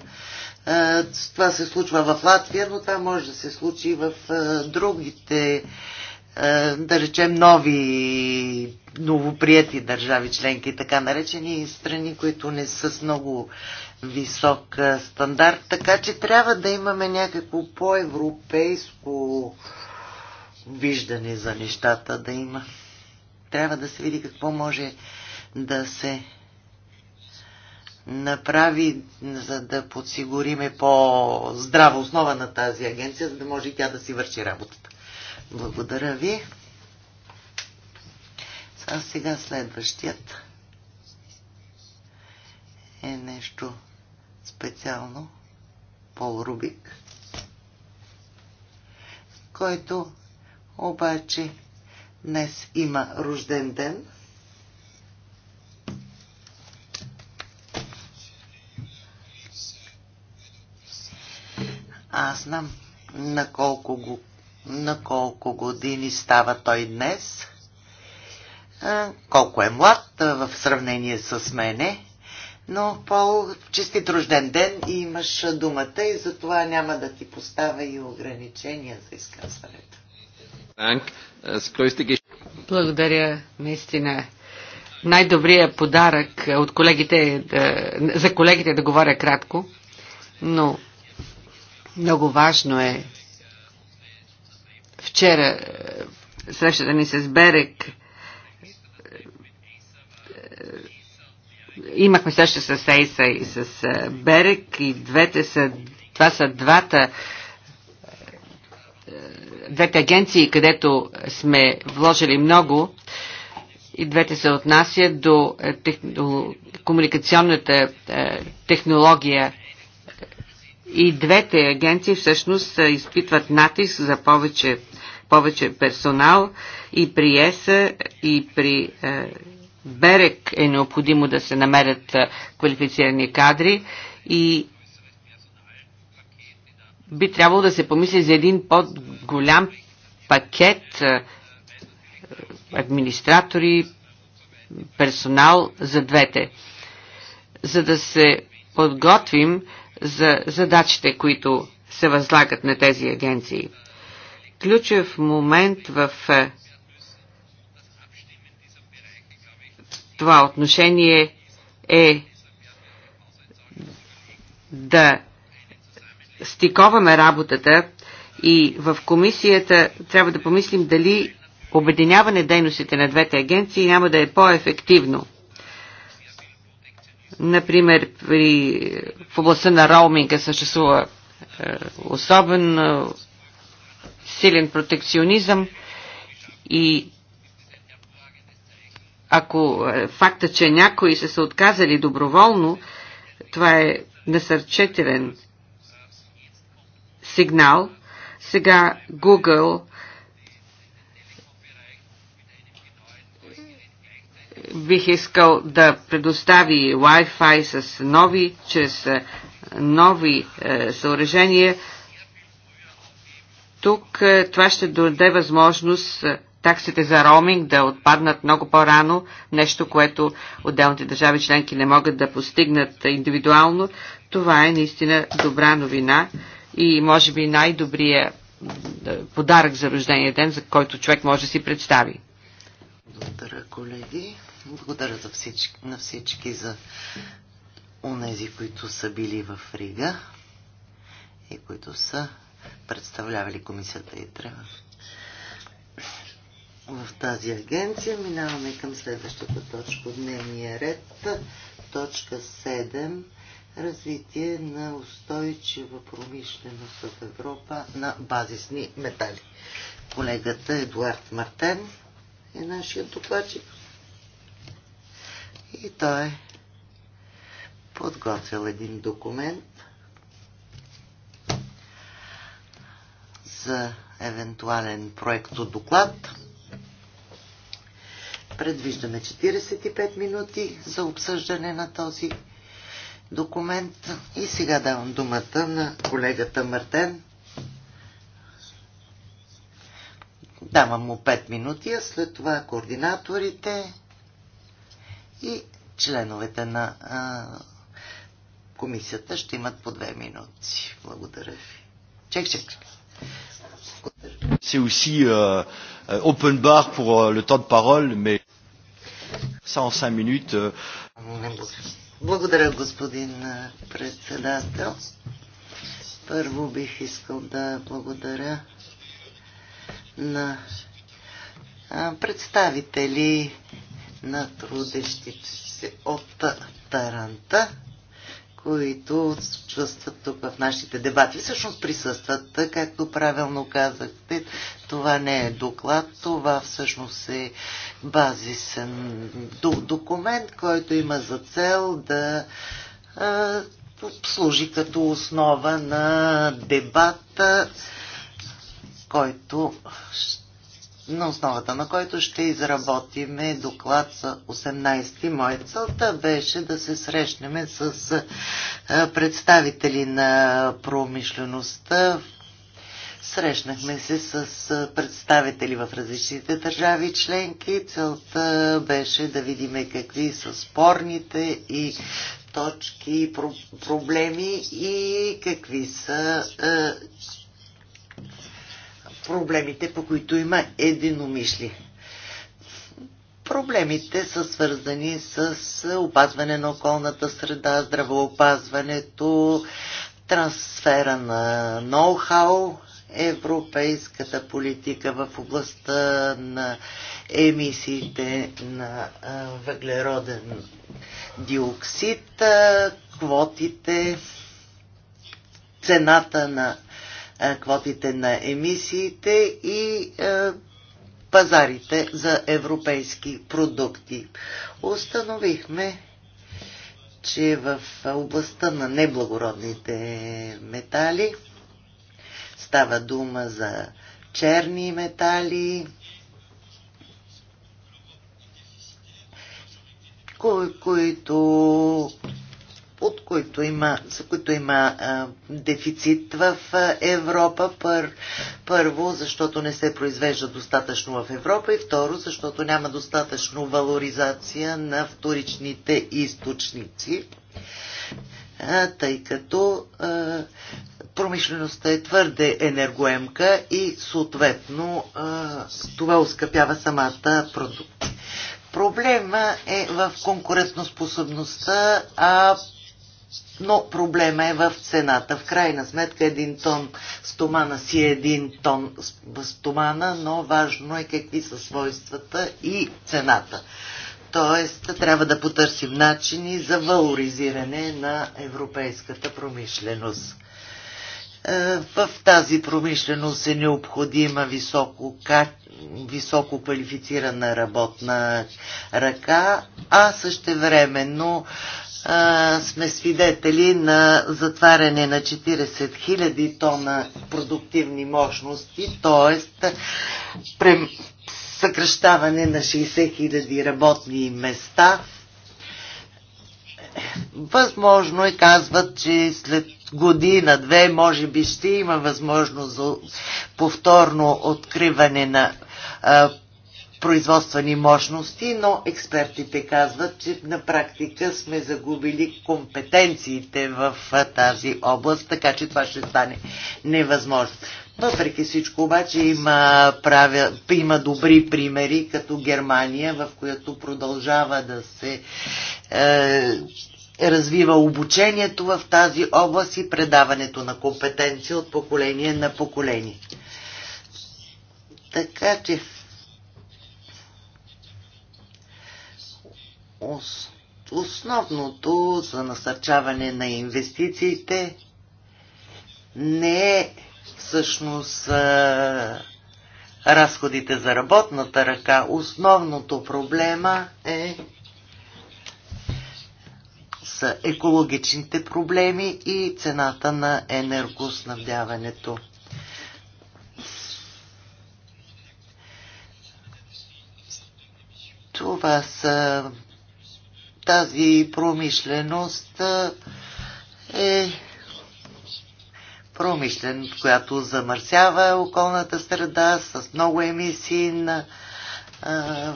това се случва в Латвия, но това може да се случи и в другите, да речем, нови, новоприяти държави членки, така наречени страни, които не са с много висок стандарт. Така че трябва да имаме някакво по-европейско виждане за нещата да има. Трябва да се види какво може да се направи, за да подсигуриме по-здрава основа на тази агенция, за да може и тя да си върши работата. Благодаря ви. А сега следващият е нещо специално. Пол Рубик, който обаче днес има рожден ден – Аз знам на колко, го, на колко години става той днес, колко е млад в сравнение с мене. Но, Пол, честит рожден ден и имаш думата и за това няма да ти поставя и ограничения за изказването. Благодаря, наистина. Най-добрият подарък от колегите, е, е, за колегите е да говоря кратко, но много важно е. Вчера е, срещата ни с Берек е, имахме среща с Ейса и с е, Берек и двете са, това са двата двете агенции, където сме вложили много и двете се отнасят до, техно, до комуникационната технология и двете агенции всъщност изпитват натиск за повече, повече персонал и при ЕСА, и при е, Берек е необходимо да се намерят квалифицирани кадри и би трябвало да се помисли за един по-голям пакет администратори, персонал за двете. За да се подготвим за задачите, които се възлагат на тези агенции. Ключов момент в е, това отношение е да стиковаме работата и в комисията трябва да помислим дали обединяване дейностите на двете агенции няма да е по-ефективно. Например, при, в областта на роуминга съществува е, особен е, силен протекционизъм и ако е, факта, че някои са се отказали доброволно, това е насърчителен сигнал. Сега Google бих искал да предостави Wi-Fi с нови, чрез е, нови е, съоръжения. Тук е, това ще даде възможност е, таксите за роуминг да отпаднат много по-рано, нещо, което отделните държави членки не могат да постигнат индивидуално. Това е наистина добра новина и може би най-добрия е, подарък за рождения ден, за който човек може да си представи колеги. Благодаря за всички, на всички за онези, които са били в Рига и които са представлявали комисията и трябва. В тази агенция минаваме към следващата точка от дневния ред. Точка 7. Развитие на устойчива промишленост в Европа на базисни метали. Колегата Едуард Мартен е нашия докладчик. И той е подготвил един документ за евентуален проект от доклад. Предвиждаме 45 минути за обсъждане на този документ. И сега давам думата на колегата Мартен Давам му 5 минути, а след това координаторите и членовете на а, комисията ще имат по 2 минути. Благодаря ви. Чек, чек. C'est aussi euh, euh, open bar pour euh, le temps de parole, mais ça en 5 minutes. Euh, благодаря, господин председател. Първо бих искал да благодаря на представители на трудещите се от Таранта, които чувстват тук в нашите дебати. Всъщност присъстват, както правилно казахте. Това не е доклад, това всъщност е базисен документ, който има за цел да служи като основа на дебата който, на основата на който ще изработиме доклад за 18-ти. Моя целта беше да се срещнем с представители на промишлеността, Срещнахме се с представители в различните държави членки. Целта беше да видим какви са спорните и точки, проблеми и какви са проблемите, по които има единомишли. Проблемите са свързани с опазване на околната среда, здравоопазването, трансфера на ноу-хау, европейската политика в областта на емисиите на въглероден диоксид, квотите, цената на е, квотите на емисиите и е, пазарите за европейски продукти. Установихме, че в областта на неблагородните метали става дума за черни метали, кои, които от които има, за които има а, дефицит в а, Европа. Пър, първо, защото не се произвежда достатъчно в Европа и второ, защото няма достатъчно валоризация на вторичните източници, а, тъй като а, промишлеността е твърде енергоемка и съответно а, това ускъпява самата продукция. Проблема е в конкурентоспособността, а но проблема е в цената. В крайна сметка един тон стомана си е един тон стомана, но важно е какви са свойствата и цената. Тоест, трябва да потърсим начини за валоризиране на европейската промишленост. Е, в тази промишленост е необходима високо, високо квалифицирана работна ръка, а същевременно а, сме свидетели на затваряне на 40 000 тона продуктивни мощности, т.е. Прем... съкръщаване на 60 000 работни места. Възможно е, казват, че след година, две, може би ще има възможност за повторно откриване на а, производствени мощности, но експертите казват, че на практика сме загубили компетенциите в тази област, така че това ще стане невъзможно. Въпреки всичко обаче има, правя, има добри примери, като Германия, в която продължава да се е, развива обучението в тази област и предаването на компетенция от поколение на поколение. Така че основното за насърчаване на инвестициите не е всъщност разходите за работната ръка. Основното проблема е са екологичните проблеми и цената на енергоснабдяването. Това са тази промишленост е промишлен, която замърсява околната среда с много емисии на а,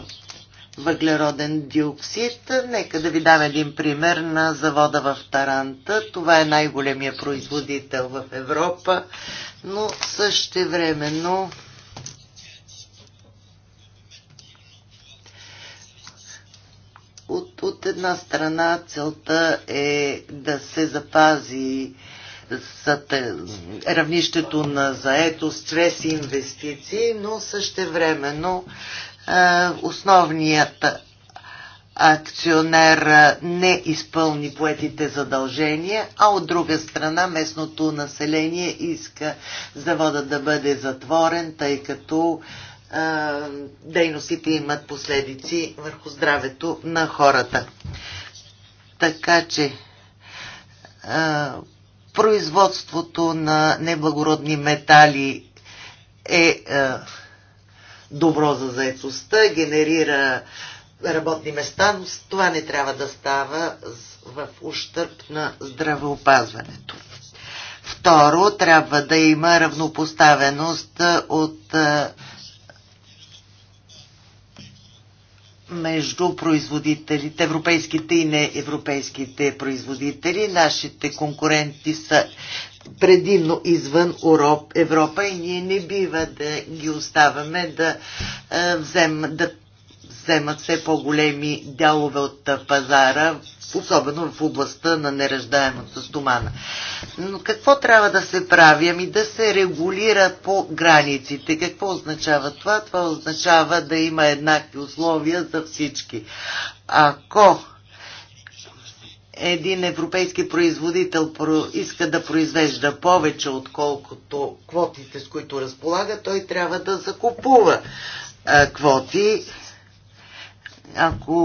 въглероден диоксид. Нека да ви дам един пример на завода в Таранта. Това е най-големия производител в Европа, но също времено От една страна целта е да се запази равнището на заетост чрез инвестиции, но същевременно основният акционер не изпълни поетите задължения, а от друга страна местното население иска завода да бъде затворен, тъй като дейностите имат последици върху здравето на хората. Така че производството на неблагородни метали е добро за заедостта, генерира работни места, но това не трябва да става в ущърп на здравеопазването. Второ, трябва да има равнопоставеност от между производителите, европейските и неевропейските производители. Нашите конкуренти са предимно извън Европа и ние не бива да ги оставаме да, е, взем, да вземат все по-големи дялове от пазара, особено в областта на неръждаемата стомана. Но какво трябва да се прави? Ами да се регулира по границите. Какво означава това? Това означава да има еднакви условия за всички. Ако един европейски производител иска да произвежда повече, отколкото квотите, с които разполага, той трябва да закупува квоти ако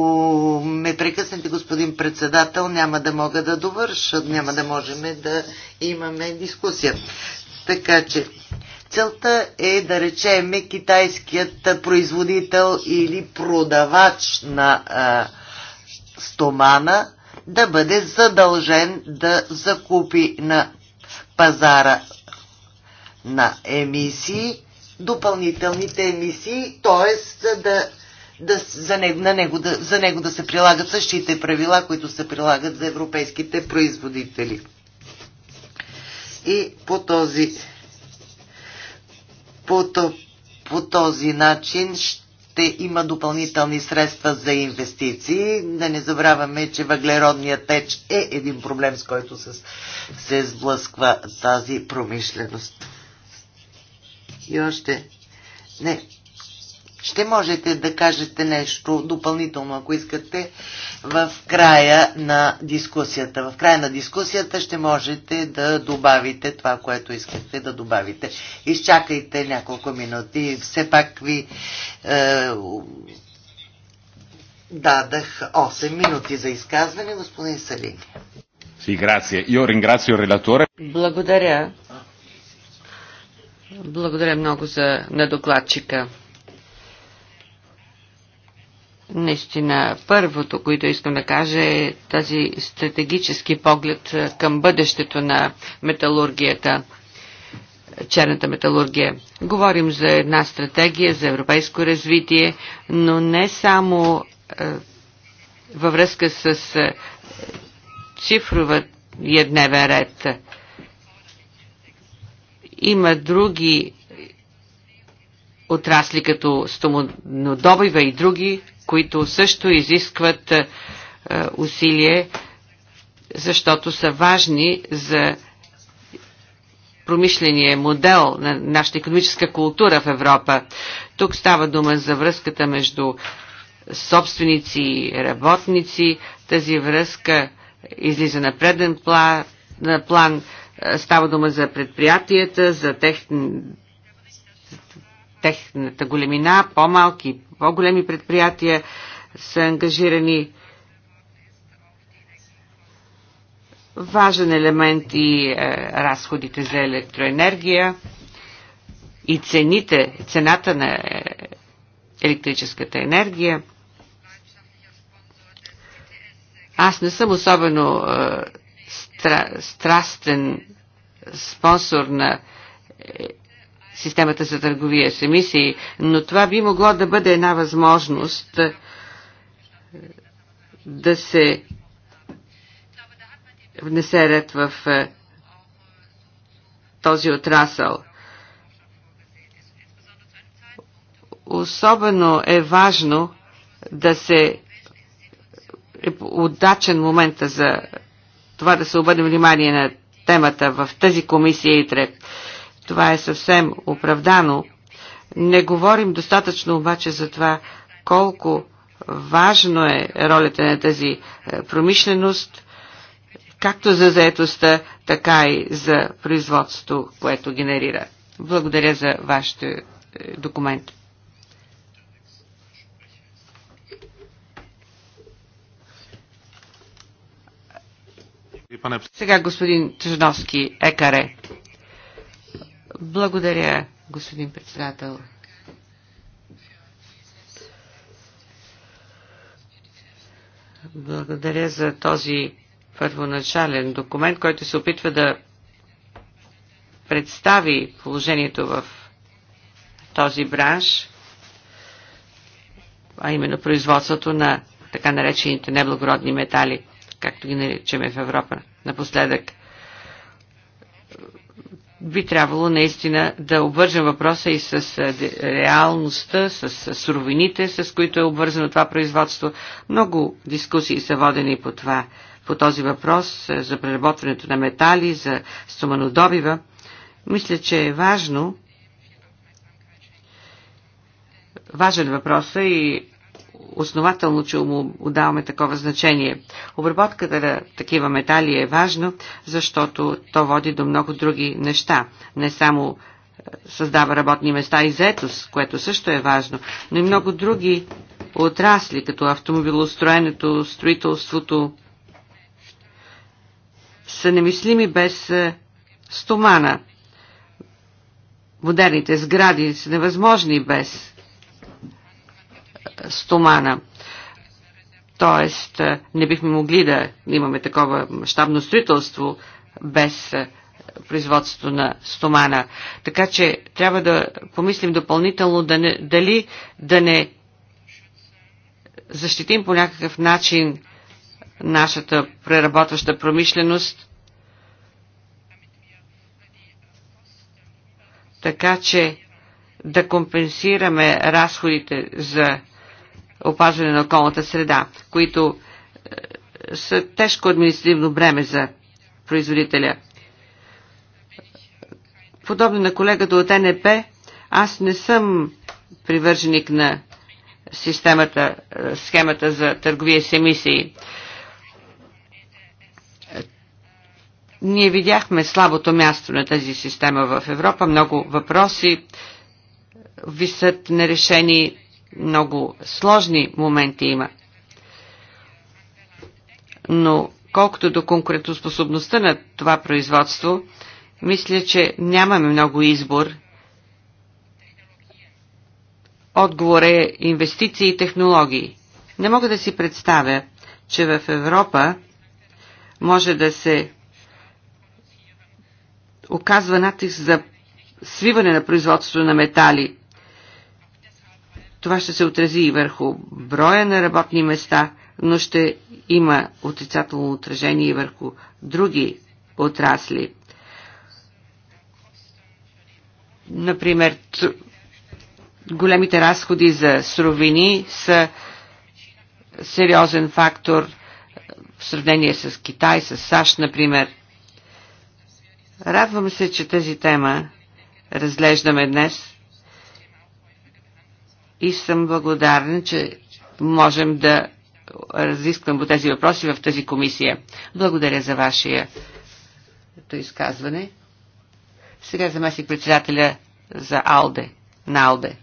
ме прекъснете, господин председател, няма да мога да довърша, няма да можем да имаме дискусия. Така че, целта е да речеме китайският производител или продавач на а, стомана да бъде задължен да закупи на пазара на емисии допълнителните емисии, т.е. да да, за, него, на него, да, за него да се прилагат същите правила, които се прилагат за европейските производители. И по този, по, по този начин ще има допълнителни средства за инвестиции. Да не забравяме, че въглеродният теч е един проблем, с който се, се сблъсква тази промишленост. И още не, ще можете да кажете нещо допълнително, ако искате, в края на дискусията. В края на дискусията ще можете да добавите това, което искате да добавите. Изчакайте няколко минути. Все пак ви е, дадах 8 минути за изказване, господин Салини. Благодаря. Благодаря много за, на докладчика. Наистина, първото, което искам да кажа е тази стратегически поглед към бъдещето на металургията, черната металургия. Говорим за една стратегия за европейско развитие, но не само във връзка с цифровия дневен ред. Има други отрасли като стомодобива и други, които също изискват е, е, усилие, защото са важни за промишления модел на нашата економическа култура в Европа. Тук става дума за връзката между собственици и работници. Тази връзка излиза на преден план, на план е, става дума за предприятията, за тех, техната големина, по-малки, по-големи предприятия са ангажирани. Важен елемент и е, разходите за електроенергия и цените, цената на е, електрическата енергия. Аз не съм особено е, стра, страстен спонсор на е, системата за търговия с емисии, но това би могло да бъде една възможност е, да се внесе ред в е, този отрасъл. Особено е важно да се е удачен момента за това да се обърне внимание на темата в тази комисия и трет. Това е съвсем оправдано. Не говорим достатъчно обаче за това колко важно е ролята на тази е, промишленост, както за заетостта, така и за производството, което генерира. Благодаря за вашите е, документ. Сега господин Тъжновски, Екаре. Благодаря, господин председател. Благодаря за този първоначален документ, който се опитва да представи положението в този бранш, а именно производството на така наречените неблагородни метали, както ги наричаме в Европа напоследък би трябвало наистина да обвържем въпроса и с реалността, с суровините, с които е обвързано това производство. Много дискусии са водени по, това, по този въпрос за преработването на метали, за стоманодобива. Мисля, че е важно, важен въпрос е и основателно, че му отдаваме такова значение. Обработката на такива метали е важно, защото то води до много други неща. Не само е, създава работни места и заетост, което също е важно, но и много други отрасли, като автомобилостроенето, строителството, са немислими без е, стомана. Модерните сгради са невъзможни без стомана. Тоест, не бихме могли да имаме такова мащабно строителство без производството на стомана. Така че трябва да помислим допълнително да не, дали да не защитим по някакъв начин нашата преработваща промишленост, така че да компенсираме разходите за опазване на околната среда, които е, са тежко административно бреме за производителя. Подобно на колегата от НП, аз не съм привърженик на системата, е, схемата за търговия с емисии. Ние видяхме слабото място на тази система в Европа, много въпроси висят нерешени много сложни моменти има. Но колкото до конкурентоспособността на това производство, мисля, че нямаме много избор. Отговор е инвестиции и технологии. Не мога да си представя, че в Европа може да се оказва натиск за свиване на производството на метали. Това ще се отрази и върху броя на работни места, но ще има отрицателно отражение и върху други отрасли. Например, големите разходи за суровини са сериозен фактор е, в сравнение с Китай, с САЩ, например. Радвам се, че тази тема разглеждаме днес и съм благодарна, че можем да разисквам по тези въпроси в тази комисия. Благодаря за вашия изказване. Сега замесих председателя за Алде, на Алде.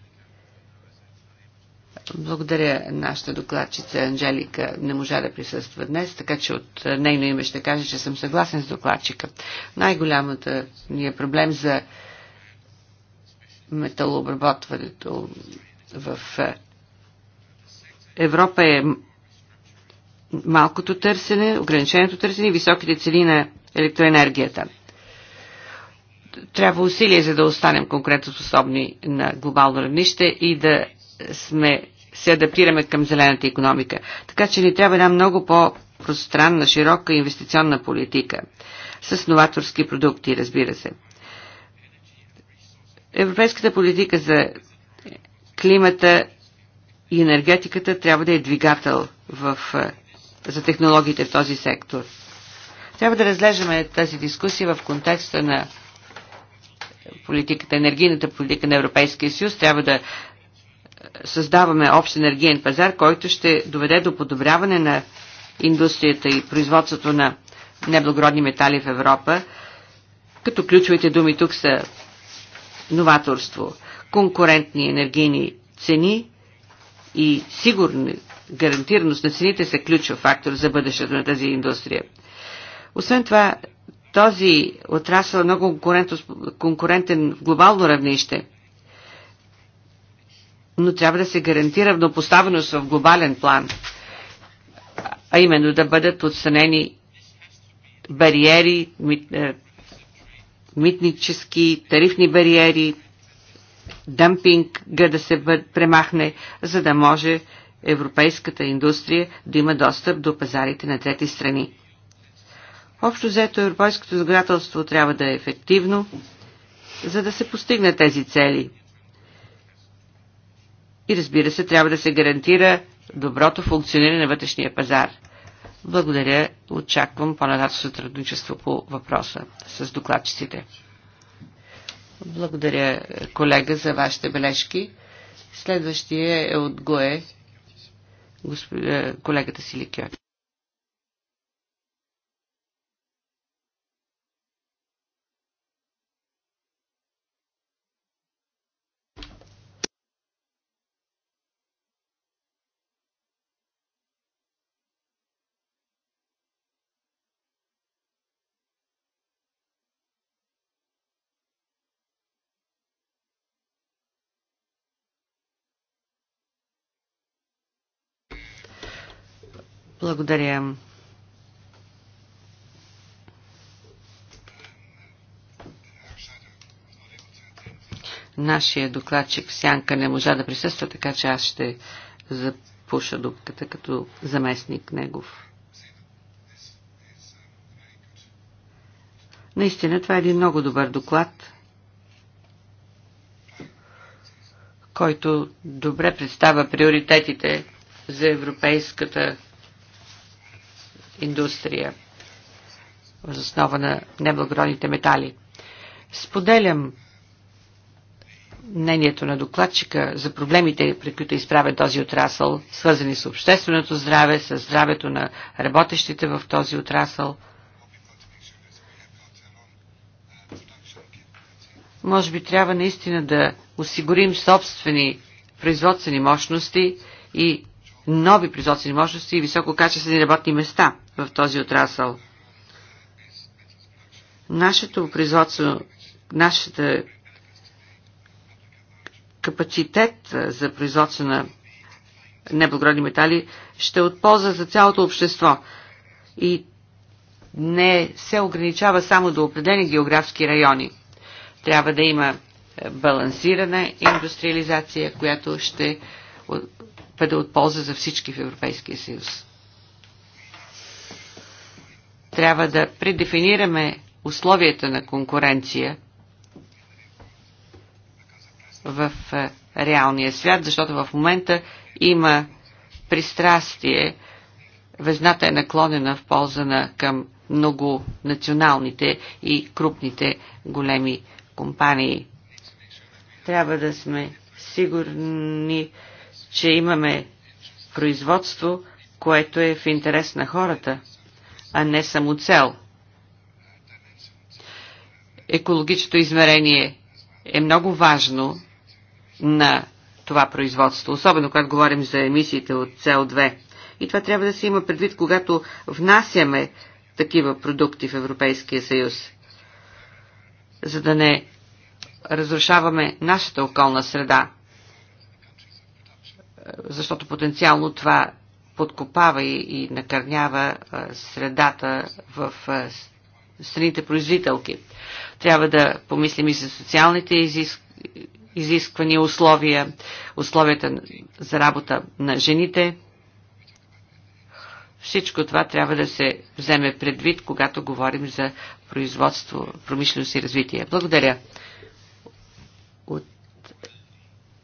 Благодаря нашата докладчица Анжелика не можа да присъства днес, така че от нейно име ще кажа, че съм съгласен с докладчика. Най-голямата ни е проблем за металообработването, в е, Европа е малкото търсене, ограниченото търсене и високите цели на електроенергията. Трябва усилие, за да останем конкурентоспособни на глобално равнище и да сме, се адаптираме към зелената економика. Така че ни трябва една много по-пространна, широка инвестиционна политика с новаторски продукти, разбира се. Европейската политика за климата и енергетиката трябва да е двигател в, за технологиите в този сектор. Трябва да разглеждаме тази дискусия в контекста на политиката, енергийната политика на Европейския съюз. Трябва да създаваме общ енергиен пазар, който ще доведе до подобряване на индустрията и производството на неблагородни метали в Европа, като ключовите думи тук са новаторство, конкурентни енергийни цени и сигурни гарантираност на цените са ключов фактор за бъдещето на тази индустрия. Освен това, този отрасъл е много конкурентен в глобално равнище, но трябва да се гарантира равнопоставеност в глобален план, а именно да бъдат отстранени бариери, е, митнически, тарифни бариери, дъмпинга да се премахне, за да може европейската индустрия да има достъп до пазарите на трети страни. Общо взето европейското законодателство трябва да е ефективно, за да се постигнат тези цели. И разбира се, трябва да се гарантира доброто функциониране на вътрешния пазар. Благодаря, очаквам по-нататъчно сътрудничество по въпроса с докладчиците. Благодаря, колега, за вашите бележки. Следващия е от ГОЕ, госп... Е, колегата Силикиот. Благодаря. Нашия докладчик Сянка не можа да присъства, така че аз ще запуша дупката като заместник негов. Наистина, това е един много добър доклад, който добре представя приоритетите за европейската индустрия възоснова основа на неблагородните метали. Споделям мнението на докладчика за проблемите, пред които е изправя този отрасъл, свързани с общественото здраве, с здравето на работещите в този отрасъл. Може би трябва наистина да осигурим собствени производствени мощности и нови производствени мощности и висококачествени работни места в този отрасъл. Нашето производство, нашата капацитет за производство на неблагородни метали ще е от полза за цялото общество и не се ограничава само до определени географски райони. Трябва да има балансирана индустриализация, която ще бъде от полза за всички в Европейския съюз. Трябва да предефинираме условията на конкуренция в е, реалния свят, защото в момента има пристрастие, везната е наклонена в полза на към многонационалните и крупните големи компании. Трябва да сме сигурни, че имаме производство, което е в интерес на хората, а не само цел. Екологичното измерение е много важно на това производство, особено когато говорим за емисиите от CO2. И това трябва да се има предвид, когато внасяме такива продукти в Европейския съюз, за да не разрушаваме нашата околна среда защото потенциално това подкопава и, и накърнява средата в страните производителки. Трябва да помислим и за социалните изиск... изисквания, условия, условията за работа на жените. Всичко това трябва да се вземе предвид, когато говорим за производство, промишленост и развитие. Благодаря. От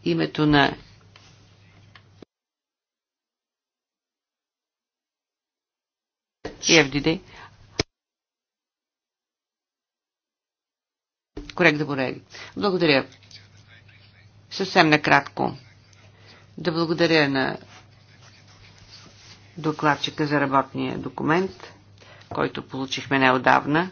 името на EFDD. Корект да бореги. Благодаря. Съвсем накратко. Да благодаря на докладчика за работния документ, който получихме неодавна.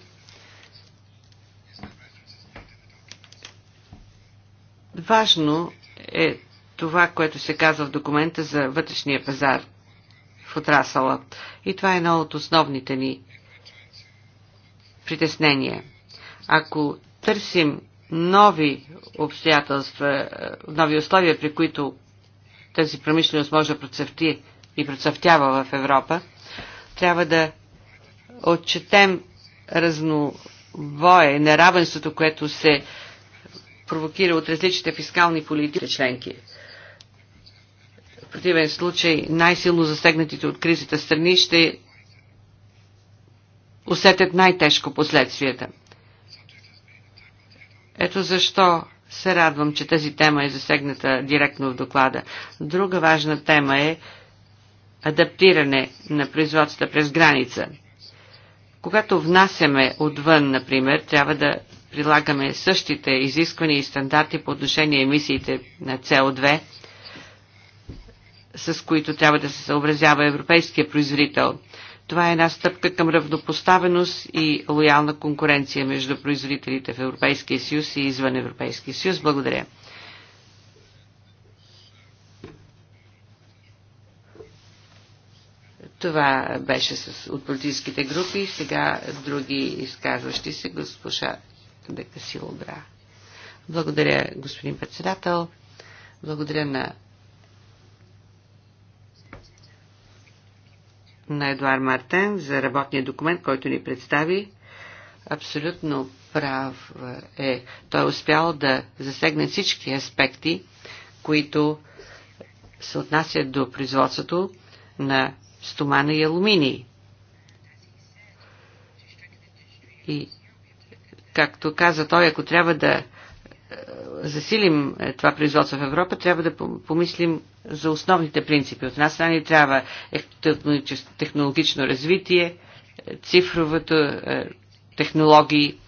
Важно е това, което се казва в документа за вътрешния пазар – в отрасала. И това е едно от основните ни притеснения. Ако търсим нови обстоятелства, е, нови условия, при които тази промишленост може да процъфти и процъфтява в Европа, трябва да отчетем разновое, неравенството, което се провокира от различните фискални политики членки. В противен случай най-силно засегнатите от кризата страни ще усетят най-тежко последствията. Ето защо се радвам, че тази тема е засегната директно в доклада. Друга важна тема е адаптиране на производствата през граница. Когато внасяме отвън, например, трябва да прилагаме същите изисквания и стандарти по отношение емисиите на со 2 с които трябва да се съобразява европейския производител. Това е една стъпка към равнопоставеност и лоялна конкуренция между производителите в Европейския съюз и извън Европейския съюз. Благодаря. Това беше с, от политическите групи. Сега други изказващи се, госпожа Декасилобра. Благодаря, господин председател. Благодаря на на Едуар Мартен за работния документ, който ни представи. Абсолютно прав е. Той е успял да засегне всички аспекти, които се отнасят до производството на стомана и алуминий. И, както каза той, ако трябва да е, засилим е, това производство в Европа, трябва да помислим за основните принципи. От една страна ни трябва технологично развитие, е, цифровото е, технологии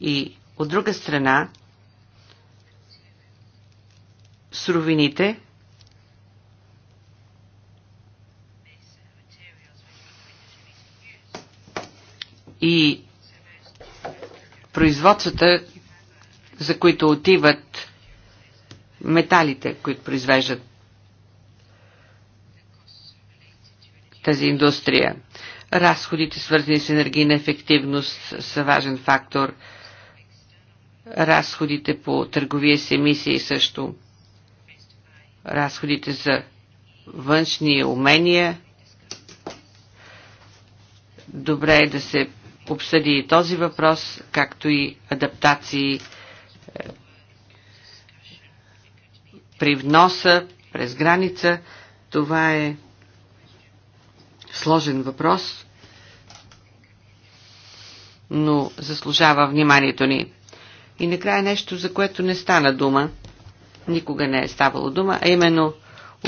и от друга страна суровините, и производствата, за които отиват металите, които произвеждат тази индустрия. Разходите, свързани с енергийна ефективност, са важен фактор. Разходите по търговия с емисии също. Разходите за външни умения. Добре е да се обсъди и този въпрос, както и адаптации е, при вноса през граница. Това е сложен въпрос, но заслужава вниманието ни. И накрая нещо, за което не стана дума, никога не е ставало дума, а именно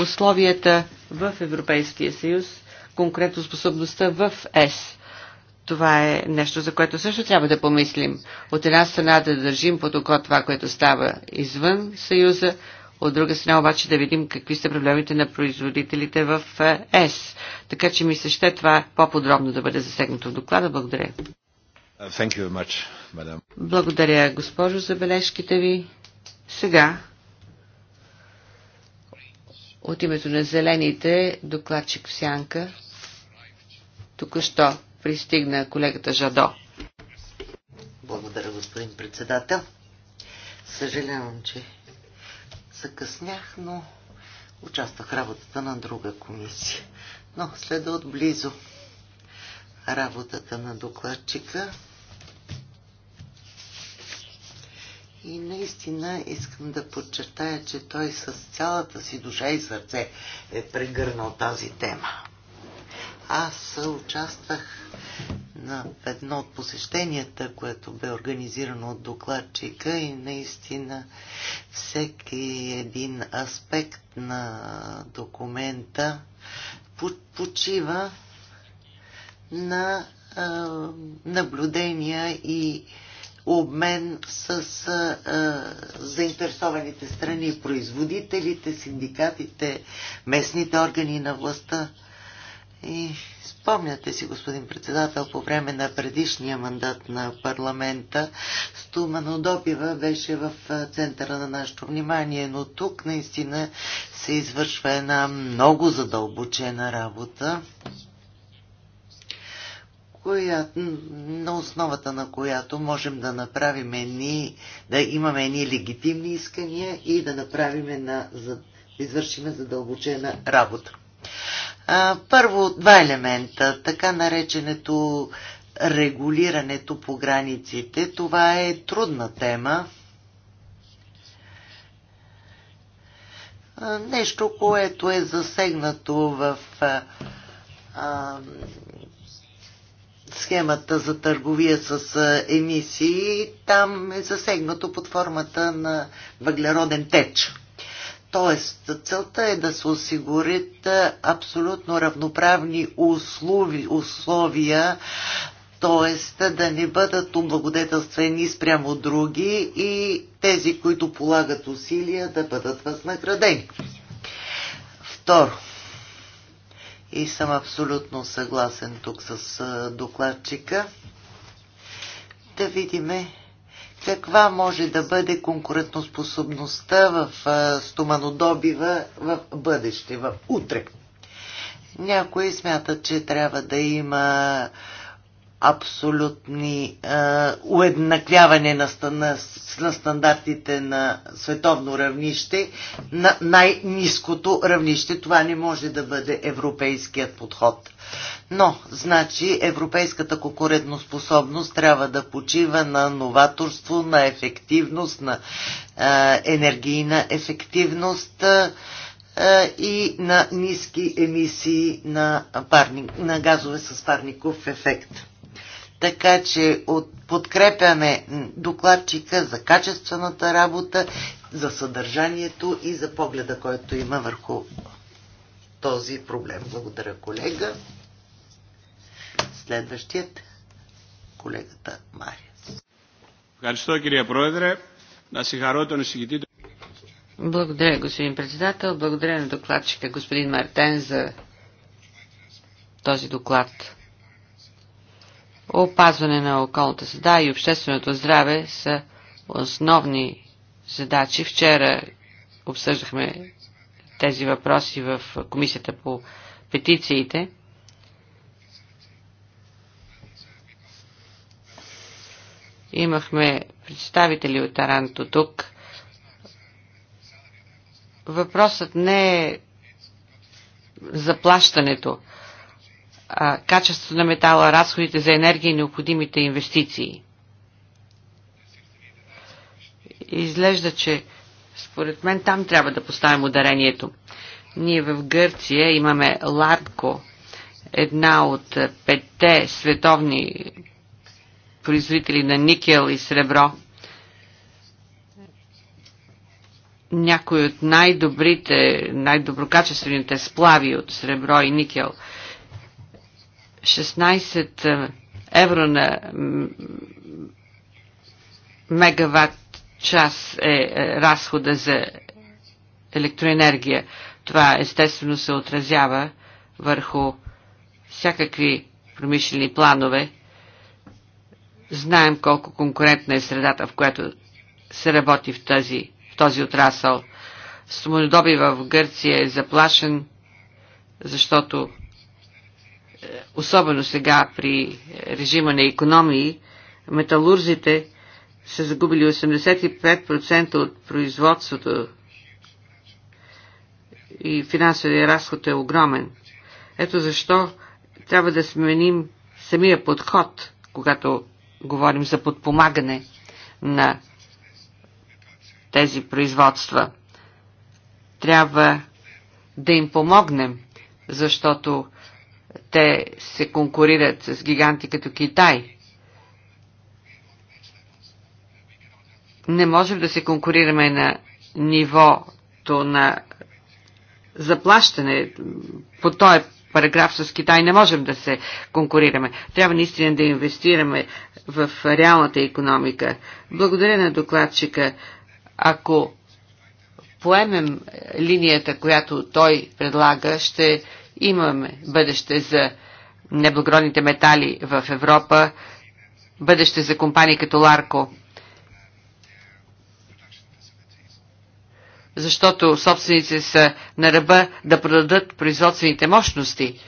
условията в Европейския съюз, конкретно способността в ЕС. Това е нещо, за което също трябва да помислим. От една страна да държим под око това, което става извън Съюза, от друга страна обаче да видим какви са проблемите на производителите в е, ЕС. Така че ми се ще това по-подробно да бъде засегнато в доклада. Благодаря. Much, Благодаря, госпожо, за бележките ви. Сега, от името на зелените, докладчик в сянка, току-що пристигна колегата Жадо. Благодаря, господин председател. Съжалявам, че закъснях, но участвах в работата на друга комисия. Но следа отблизо работата на докладчика. И наистина искам да подчертая, че той с цялата си душа и сърце е прегърнал тази тема. Аз участвах на едно от посещенията, което бе организирано от докладчика и наистина всеки един аспект на документа почива на а, наблюдения и обмен с а, заинтересованите страни, производителите, синдикатите, местните органи на властта. И спомняте си, господин председател, по време на предишния мандат на парламента стоманодобива беше в центъра на нашето внимание, но тук наистина се извършва една много задълбочена работа, коя, на основата на която можем да направим ни, да имаме едни легитимни искания и да направим една, да извършим задълбочена работа. Първо, два елемента. Така нареченето регулирането по границите. Това е трудна тема. Нещо, което е засегнато в а, схемата за търговия с емисии, там е засегнато под формата на въглероден теч. Тоест, целта е да се осигурят абсолютно равноправни услови, условия, т.е. да не бъдат облагодетелствени спрямо други и тези, които полагат усилия, да бъдат възнаградени. Второ, и съм абсолютно съгласен тук с докладчика, да видиме каква може да бъде конкурентоспособността в стоманодобива в бъдеще, в утре. Някои смятат, че трябва да има абсолютни е, уеднаквяване на, на, на стандартите на световно равнище на най-низкото равнище. Това не може да бъде европейският подход. Но, значи, европейската конкурентоспособност трябва да почива на новаторство, на ефективност, на е, енергийна ефективност е, и на ниски емисии на, парни, на газове с парников ефект. Така че от, подкрепяме докладчика за качествената работа, за съдържанието и за погледа, който има върху този проблем. Благодаря, колега. Следващият колегата Мариас. Ευχαριστώ кирия Πρόεδρε. Να συγχαρώ τον Благодаря, господин председател. Благодаря на докладчика господин Мартен за този доклад. Опазване на околната среда и общественото здраве са основни задачи. Вчера обсъждахме тези въпроси в Комисията по петициите. Имахме представители от Таранто тук. Въпросът не е заплащането качеството на метала, разходите за енергия и необходимите инвестиции. Изглежда, че според мен там трябва да поставим ударението. Ние в Гърция имаме Ларко, една от петте световни производители на никел и сребро. Някои от най-добрите, най-доброкачествените сплави от сребро и никел – 16 евро на мегаватт час е, е разхода за електроенергия. Това естествено се отразява върху всякакви промишлени планове. Знаем колко конкурентна е средата, в която се работи в този, в този отрасъл. Стомодобива в Гърция е заплашен, защото е, особено сега при режима на економии, металурзите са загубили 85% от производството и финансовия разход е огромен. Ето защо трябва да сменим самия подход, когато говорим за подпомагане на тези производства. Трябва да им помогнем, защото те се конкурират с гиганти като Китай. Не можем да се конкурираме на нивото на заплащане по този параграф с Китай не можем да се конкурираме. Трябва наистина да инвестираме в реалната економика. Благодаря на докладчика. Ако поемем линията, която той предлага, ще Имаме бъдеще за неблагородните метали в Европа, бъдеще за компании като Ларко. Защото собственици са на ръба да продадат производствените мощности.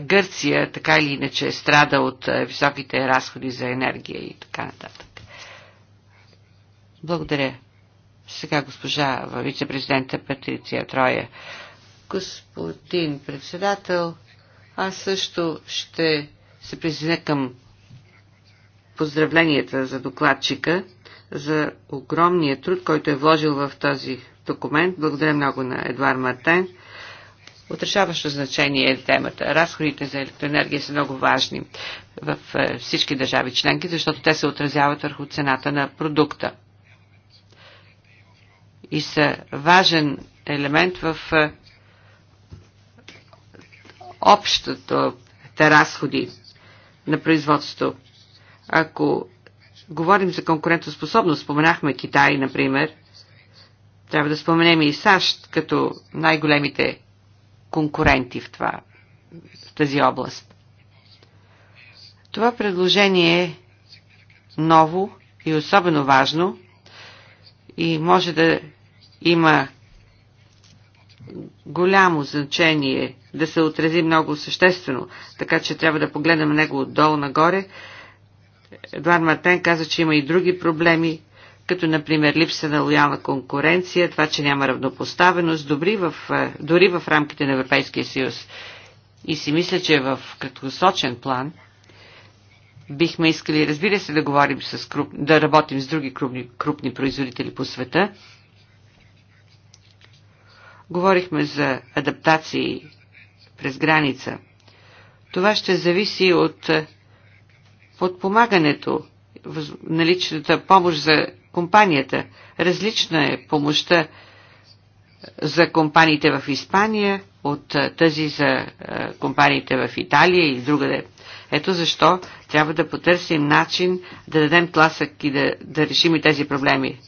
Гърция така или иначе е страда от високите разходи за енергия и така нататък. Благодаря. Сега госпожа вице-президента Патриция Троя. Господин председател, аз също ще се присъединя към поздравленията за докладчика за огромния труд, който е вложил в този документ. Благодаря много на Едуар Мартен. Отрешаващо значение е темата. Разходите за електроенергия са много важни в е, всички държави членки, защото те се отразяват върху цената на продукта и са важен елемент в е, общото разходи на производството. Ако говорим за конкурентоспособност, споменахме Китай, например, трябва да споменем и САЩ като най-големите конкуренти в, това, в тази област. Това предложение е ново и особено важно и може да има голямо значение да се отрази много съществено, така че трябва да погледнем него отдолу нагоре. Едуард Мартен каза, че има и други проблеми, като например липса на лоялна конкуренция, това, че няма равнопоставеност, дори в, дори в рамките на Европейския съюз. И си мисля, че в краткосрочен план бихме искали, разбира се, да говорим с круп, да работим с други крупни, крупни производители по света, Говорихме за адаптации през граница. Това ще зависи от подпомагането, наличната помощ за компанията. Различна е помощта за компаниите в Испания от тази за е, компаниите в Италия и другаде. Ето защо трябва да потърсим начин да дадем тласък и да, да решим и тези проблеми.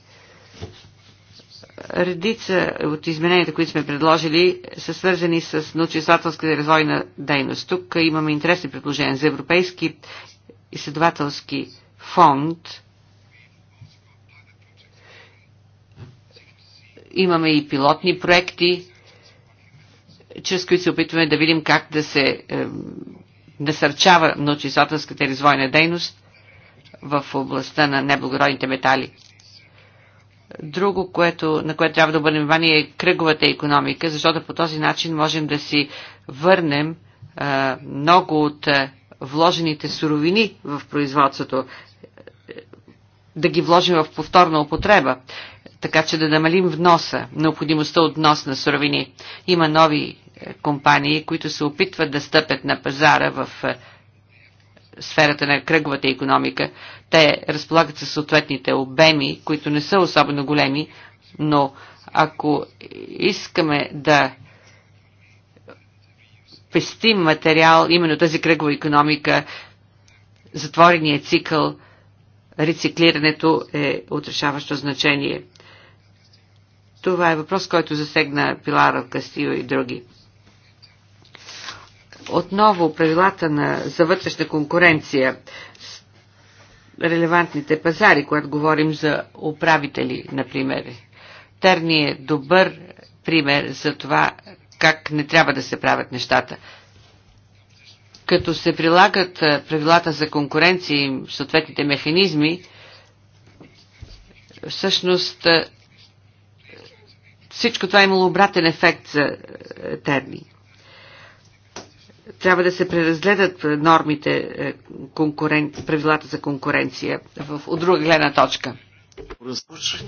Редица от измененията, които сме предложили, са свързани с научествателската и развойна дейност. Тук имаме интересни предложения за Европейски изследователски фонд. Имаме и пилотни проекти, чрез които се опитваме да видим как да се е, насърчава научествателската и развойна дейност в областта на неблагородните метали. Друго, което, на което трябва да обърнем внимание е кръговата економика, защото по този начин можем да си върнем а, много от а, вложените суровини в производството, да ги вложим в повторна употреба, така че да намалим вноса, необходимостта от внос на суровини. Има нови е, компании, които се опитват да стъпят на пазара в е, сферата на кръговата економика. Те разполагат със съответните обеми, които не са особено големи, но ако искаме да пестим материал, именно тази кръгова економика, затворения цикъл, рециклирането е отрешаващо значение. Това е въпрос, който засегна Пилара Кастио и други. Отново правилата на, за вътрешна конкуренция с релевантните пазари, когато говорим за управители, например. Терни е добър пример за това как не трябва да се правят нещата. Като се прилагат правилата за конкуренция и съответните механизми, всъщност всичко това е имало обратен ефект за Терни трябва да се преразгледат нормите, е, конкурен... правилата за конкуренция в, от друга гледна точка.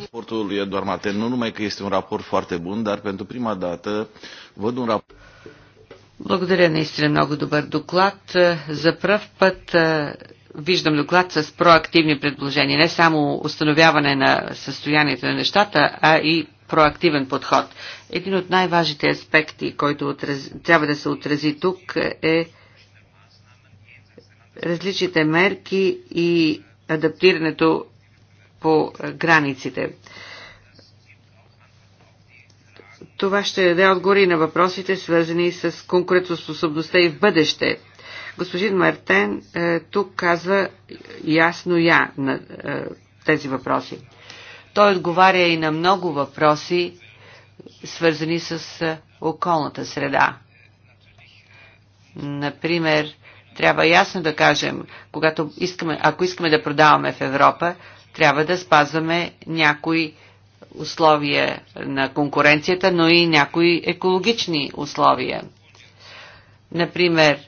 Raportul lui Eduard nu numai că este un raport foarte bun, dar pentru prima dată văd un raport. Благодаря, наистина много добър доклад. Е, за пръв път е, виждам доклад с проактивни предложения, не само установяване на състоянието на нещата, а и проактивен подход. Един от най-важните аспекти, който отраз... трябва да се отрази тук е различните мерки и адаптирането по границите. Това ще даде отговори на въпросите, свързани с конкурентоспособността и в бъдеще. Господин Мартен е, тук казва ясно я на е, тези въпроси. Той отговаря и на много въпроси, свързани с околната среда. Например, трябва ясно да кажем, когато искаме, ако искаме да продаваме в Европа, трябва да спазваме някои условия на конкуренцията, но и някои екологични условия. Например,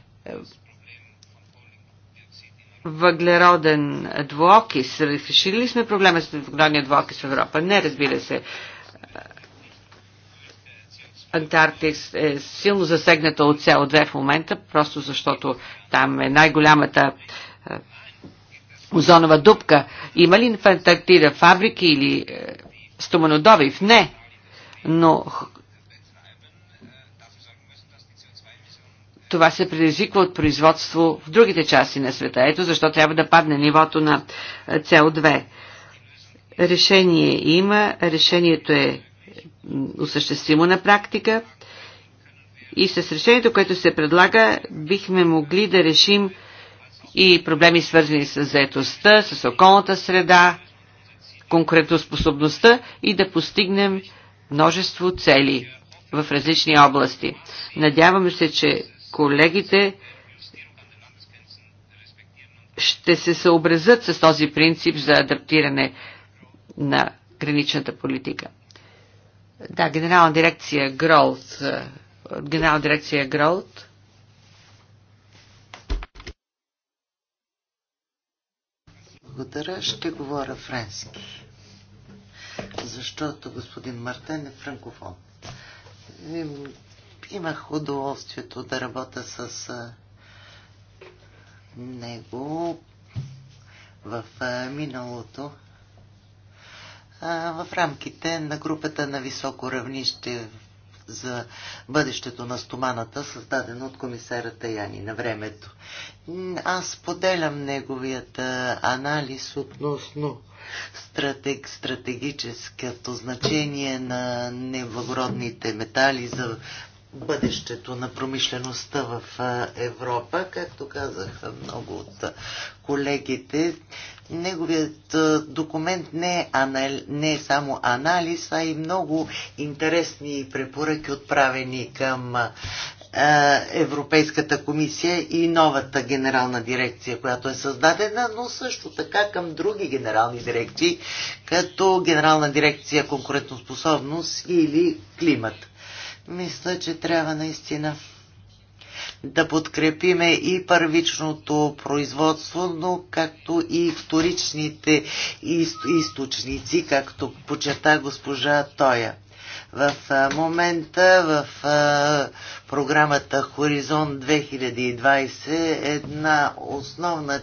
въглероден двуокис. Решили ли сме проблема с въглеродния двуокис в Европа? Не, разбира се. Антарктис е силно засегната от СО2 в момента, просто защото там е най-голямата е, озонова дупка. Има ли в Антарктида фабрики или е, стоманодобив? Не. Но това се предизвиква от производство в другите части на света. Ето защо трябва да падне нивото на CO2. Решение има, решението е осъществимо на практика и с решението, което се предлага, бихме могли да решим и проблеми свързани с заетостта, с околната среда, конкурентоспособността и да постигнем множество цели в различни области. Надяваме се, че колегите ще се съобразят с този принцип за адаптиране на граничната политика. Да, генерална дирекция Гролт. Е, генерална дирекция Гролт. Благодаря. Ще говоря френски. Защото господин Мартен е франкофон имах удоволствието да работя с него в миналото в рамките на групата на високо равнище за бъдещето на стоманата, създадена от комисарата Яни на времето. Аз поделям неговият анализ относно стратег, стратегическото значение на неблагородните метали за бъдещето на промишлеността в Европа. Както казаха много от колегите, неговият документ не е, анал... не е само анализ, а и много интересни препоръки отправени към Европейската комисия и новата генерална дирекция, която е създадена, но също така към други генерални дирекции, като генерална дирекция конкурентоспособност или климат мисля, че трябва наистина да подкрепиме и първичното производство, но както и вторичните източници, както почерта госпожа Тоя. В момента в програмата Хоризонт 2020 една основна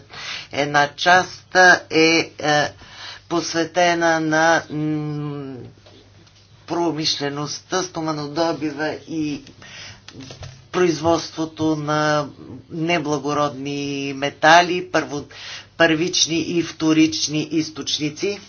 една част е, е посветена на промишлеността, стоманодобива и производството на неблагородни метали, първо, първични и вторични източници.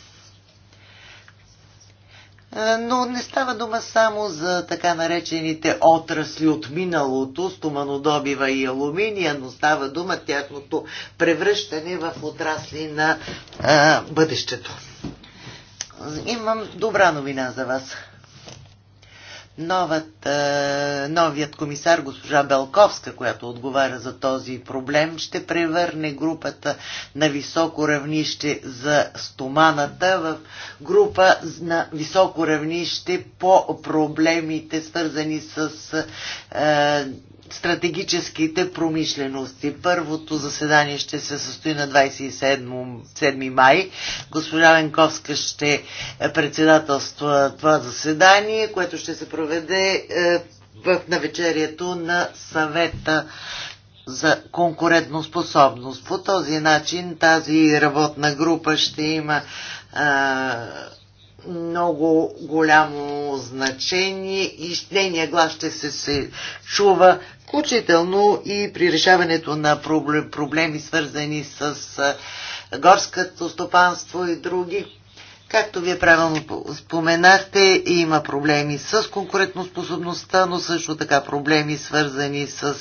Но не става дума само за така наречените отрасли от миналото, стоманодобива и алуминия, но става дума тяхното превръщане в отрасли на а, бъдещето. Имам добра новина за вас. Новът, е, новият комисар, госпожа Белковска, която отговаря за този проблем, ще превърне групата на високо равнище за стоманата в група на високо равнище по проблемите, свързани с е, стратегическите промишлености. Първото заседание ще се състои на 27 7 май. Госпожа Венковска ще председателства това заседание, което ще се проведе е, в навечерието на съвета за конкурентоспособност. По този начин тази работна група ще има а, е, много голямо значение и нейния глас ще се, се чува, включително и при решаването на проблеми, свързани с горското стопанство и други. Както вие правилно споменахте, има проблеми с конкурентоспособността, но също така проблеми свързани с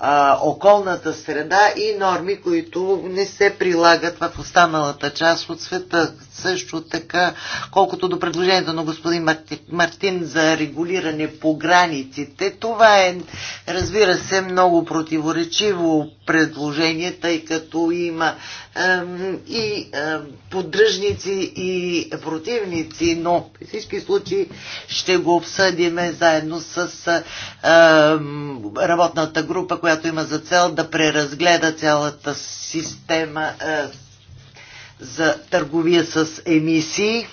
а, околната среда и норми, които не се прилагат в останалата част от света. Също така, колкото до предложението на господин Мартин за регулиране по границите, това е, разбира се, много противоречиво предложение, тъй като има ем, и ем, поддръжници и противници, но в всички случаи ще го обсъдиме заедно с ем, работната група, която има за цел да преразгледа цялата система е, за търговия с емисии.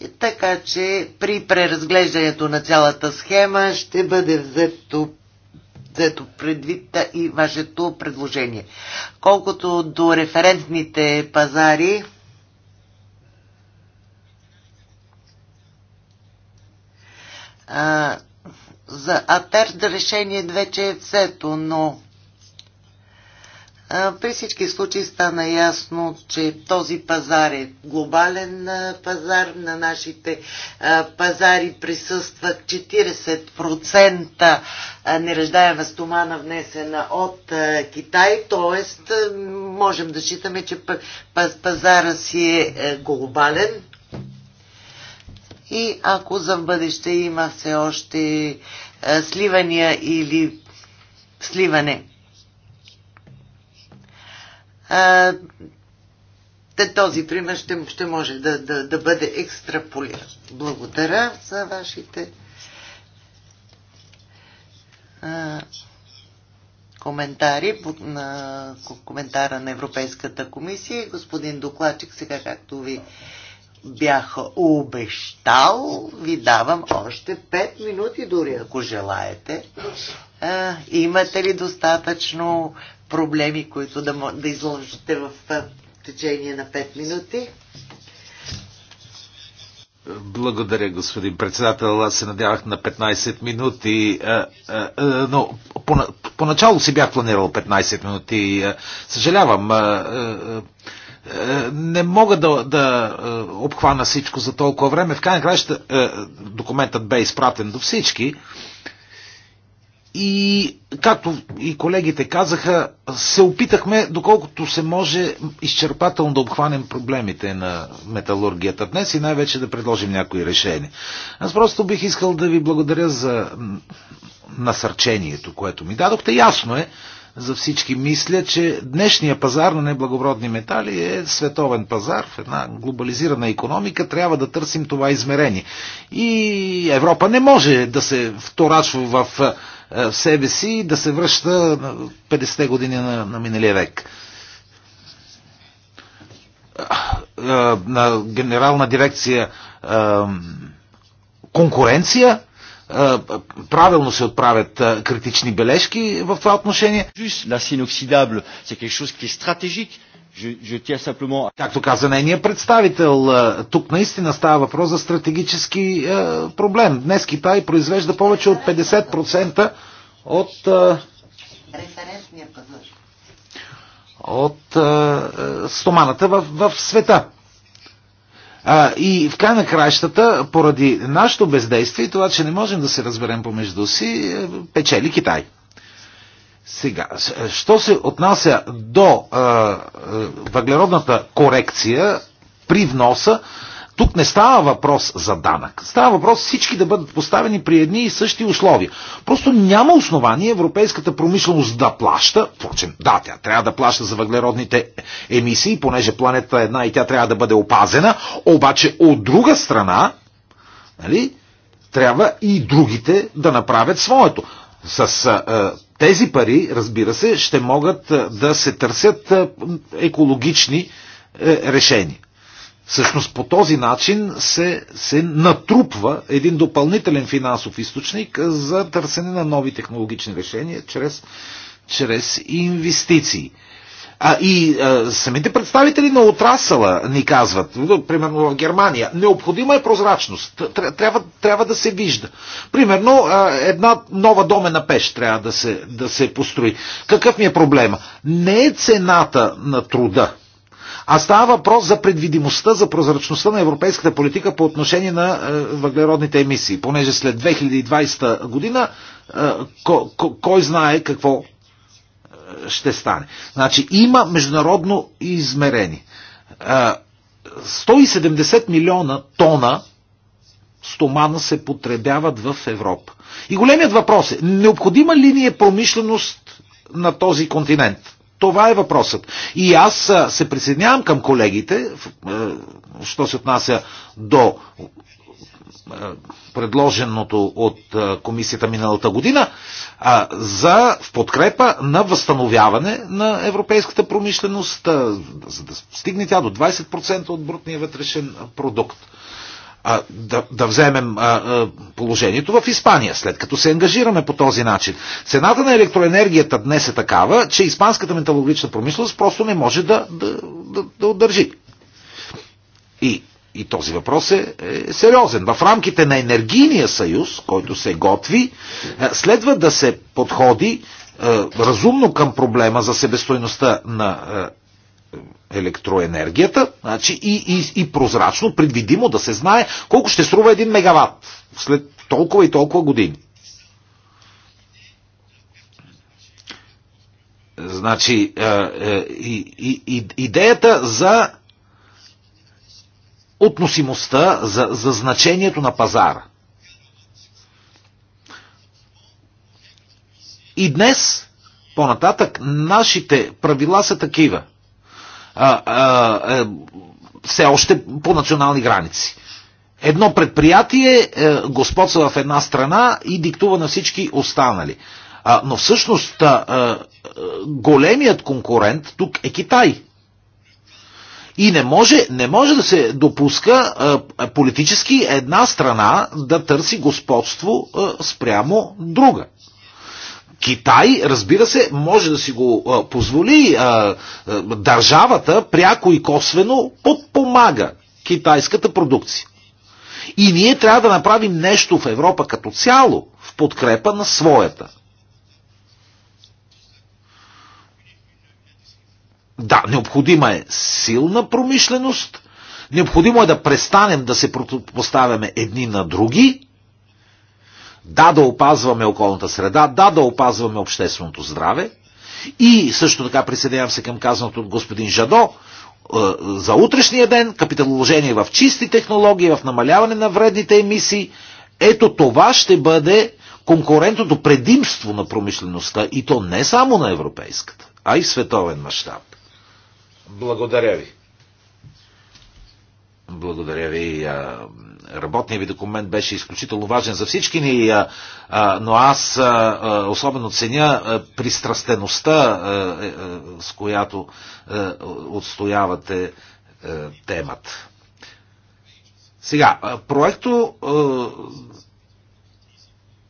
И така че при преразглеждането на цялата схема ще бъде взето, взето предвид и вашето предложение. Колкото до референтните пазари, а, за АТЕР да решение вече е взето, но при всички случаи стана ясно, че този пазар е глобален пазар. На нашите пазари присъстват 40% нераждаема стомана внесена от Китай, т.е. можем да считаме, че пазара си е, е глобален. И ако за в бъдеще има все още е, сливания или сливане, е, този пример ще, ще може да, да, да бъде екстраполиран. Благодаря за вашите а, е, коментари на коментара на Европейската комисия. Господин докладчик, сега както ви бях обещал, ви давам още 5 минути дори, ако желаете. А, имате ли достатъчно проблеми, които да, да изложите в течение на 5 минути? Благодаря, господин председател. Аз се надявах на 15 минути, но поначало си бях планирал 15 минути. Съжалявам, е, не мога да, да е, обхвана всичко за толкова време. В крайна краща е, документът бе изпратен до всички. И, както и колегите казаха, се опитахме, доколкото се може, изчерпателно да обхванем проблемите на металургията днес и най-вече да предложим някои решения. Аз просто бих искал да ви благодаря за насърчението, което ми дадохте. Ясно е, за всички. Мисля, че днешния пазар на неблагородни метали е световен пазар в една глобализирана економика. Трябва да търсим това измерение. И Европа не може да се вторачва в е, е, себе си и да се връща 50-те години на, на миналия век е, на генерална дирекция конкуренция правилно се отправят критични бележки в това отношение. Както каза нейният представител, тук наистина става въпрос за стратегически проблем. Днес Китай произвежда повече от 50% от От стоманата в, в света. А, и в край на краищата, поради нашето бездействие и това, че не можем да се разберем помежду си, е, печели Китай. Сега, е, що се отнася до а, а, е, въглеродната корекция при вноса, тук не става въпрос за данък. Става въпрос всички да бъдат поставени при едни и същи условия. Просто няма основание европейската промишленост да плаща, впрочем, да, тя трябва да плаща за въглеродните емисии, понеже планета е една и тя трябва да бъде опазена, обаче от друга страна, нали, трябва и другите да направят своето. С а, тези пари, разбира се, ще могат да се търсят екологични е, решения. Всъщност по този начин се, се натрупва един допълнителен финансов източник за търсене на нови технологични решения чрез, чрез инвестиции. А, и а, самите представители на отрасъла ни казват, примерно в Германия, необходима е прозрачност. Трябва, трябва да се вижда. Примерно, а, една нова домена пеш трябва да се, да се построи. Какъв ми е проблема? Не е цената на труда, а става въпрос за предвидимостта, за прозрачността на европейската политика по отношение на е, въглеродните емисии, понеже след 2020 година е, кой знае какво е, ще стане. Значи има международно измерение. 170 милиона тона стомана се потребяват в Европа. И големият въпрос е, необходима ли ни е промишленост на този континент? Това е въпросът. И аз се присъединявам към колегите, що се отнася до предложеното от комисията миналата година за в подкрепа на възстановяване на европейската промишленост, за да стигне тя до 20% от брутния вътрешен продукт а, да, да вземем а, а, положението в Испания, след като се ангажираме по този начин. Цената на електроенергията днес е такава, че испанската металургична промишленост просто не може да, да, да, да удържи. И, и този въпрос е, е сериозен. В рамките на енергийния съюз, който се готви, е, следва да се подходи е, разумно към проблема за себестойността на е, електроенергията, значи и, и, и прозрачно, предвидимо да се знае колко ще струва един мегаватт след толкова и толкова години. Значи, е, е, и, и, идеята за относимостта, за, за значението на пазара. И днес, по-нататък, нашите правила са такива – е, все още по национални граници. Едно предприятие е, господства в една страна и диктува на всички останали. но всъщност големият конкурент тук е Китай. И не може, не може да се допуска политически една страна да търси господство спрямо друга. Китай, разбира се, може да си го позволи. Държавата пряко и косвено подпомага китайската продукция. И ние трябва да направим нещо в Европа като цяло в подкрепа на своята. Да, необходима е силна промишленост, необходимо е да престанем да се противопоставяме едни на други, да, да опазваме околната среда, да, да опазваме общественото здраве. И също така присъединявам се към казаното от господин Жадо, е, за утрешния ден, капиталоложение в чисти технологии, в намаляване на вредните емисии. Ето това ще бъде конкурентното предимство на промишлеността и то не само на европейската, а и в световен мащаб. Благодаря ви. Благодаря ви, работният ви документ беше изключително важен за всички ни, но аз особено ценя пристрастеността, с която отстоявате темата. Сега, проекто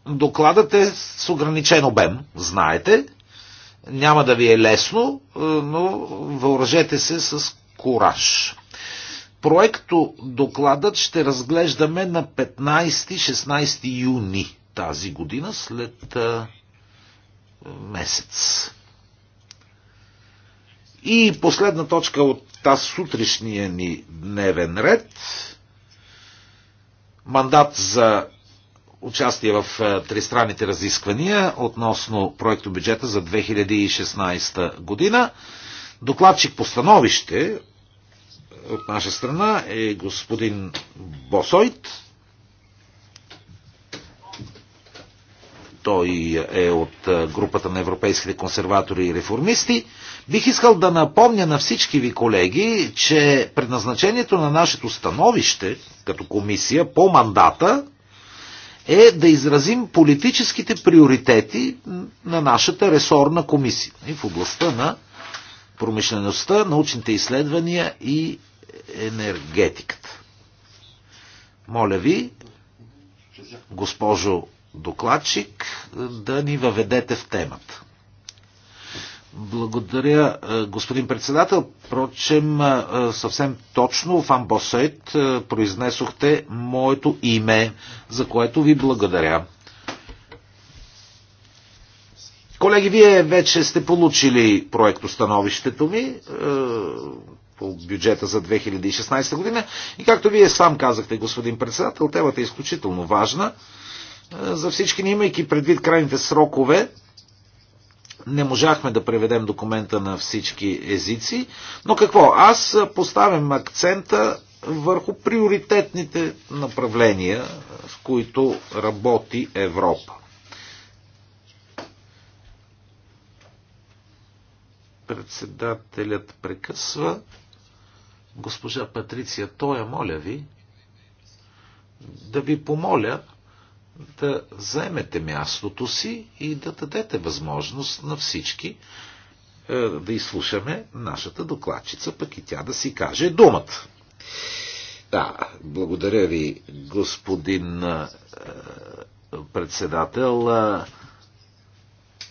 докладът е с ограничен обем, знаете. Няма да ви е лесно, но въоръжете се с кураж. Проекто докладът ще разглеждаме на 15-16 юни тази година, след а, месец. И последна точка от тази сутрешния ни дневен ред. Мандат за участие в тристранните разисквания относно проекто бюджета за 2016 година. Докладчик по становище от наша страна е господин Босойт. Той е от групата на европейските консерватори и реформисти. Бих искал да напомня на всички ви колеги, че предназначението на нашето становище като комисия по мандата е да изразим политическите приоритети на нашата ресорна комисия в областта на промишлеността, научните изследвания и енергетиката. Моля ви, госпожо докладчик, да ни въведете в темата. Благодаря, е, господин председател. Прочем, е, съвсем точно в Амбосет е, произнесохте моето име, за което ви благодаря. Колеги, вие вече сте получили проектостановището ми е, по бюджета за 2016 година и както вие сам казахте, господин председател, темата е изключително важна е, за всички не имайки предвид крайните срокове, не можахме да преведем документа на всички езици. Но какво? Аз поставям акцента върху приоритетните направления, в които работи Европа. Председателят прекъсва. Госпожа Патриция Тоя, моля ви, да ви помоля да заемете мястото си и да дадете възможност на всички е, да изслушаме нашата докладчица, пък и тя да си каже думата. Да, благодаря ви, господин е, председател. Е,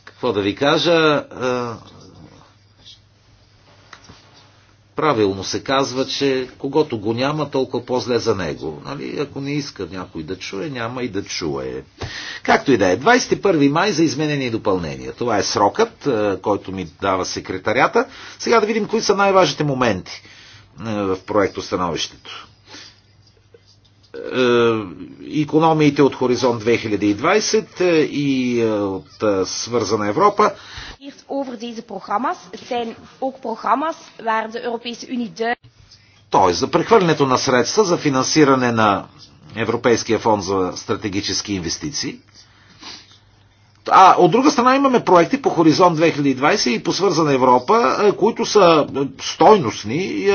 какво да ви кажа? Е, Правилно се казва, че когато го няма, толкова по-зле за него. Нали? Ако не иска някой да чуе, няма и да чуе. Както и да е, 21 май за изменение и допълнение. Това е срокът, който ми дава секретарята. Сега да видим кои са най-важните моменти в проекто становището економиите от Хоризонт 2020 и е, е, от е, Свързана Европа. Тоест, за прехвърлянето на средства за финансиране на Европейския фонд за стратегически инвестиции, а от друга страна имаме проекти по Хоризонт 2020 и по Свързана Европа, които са стойностни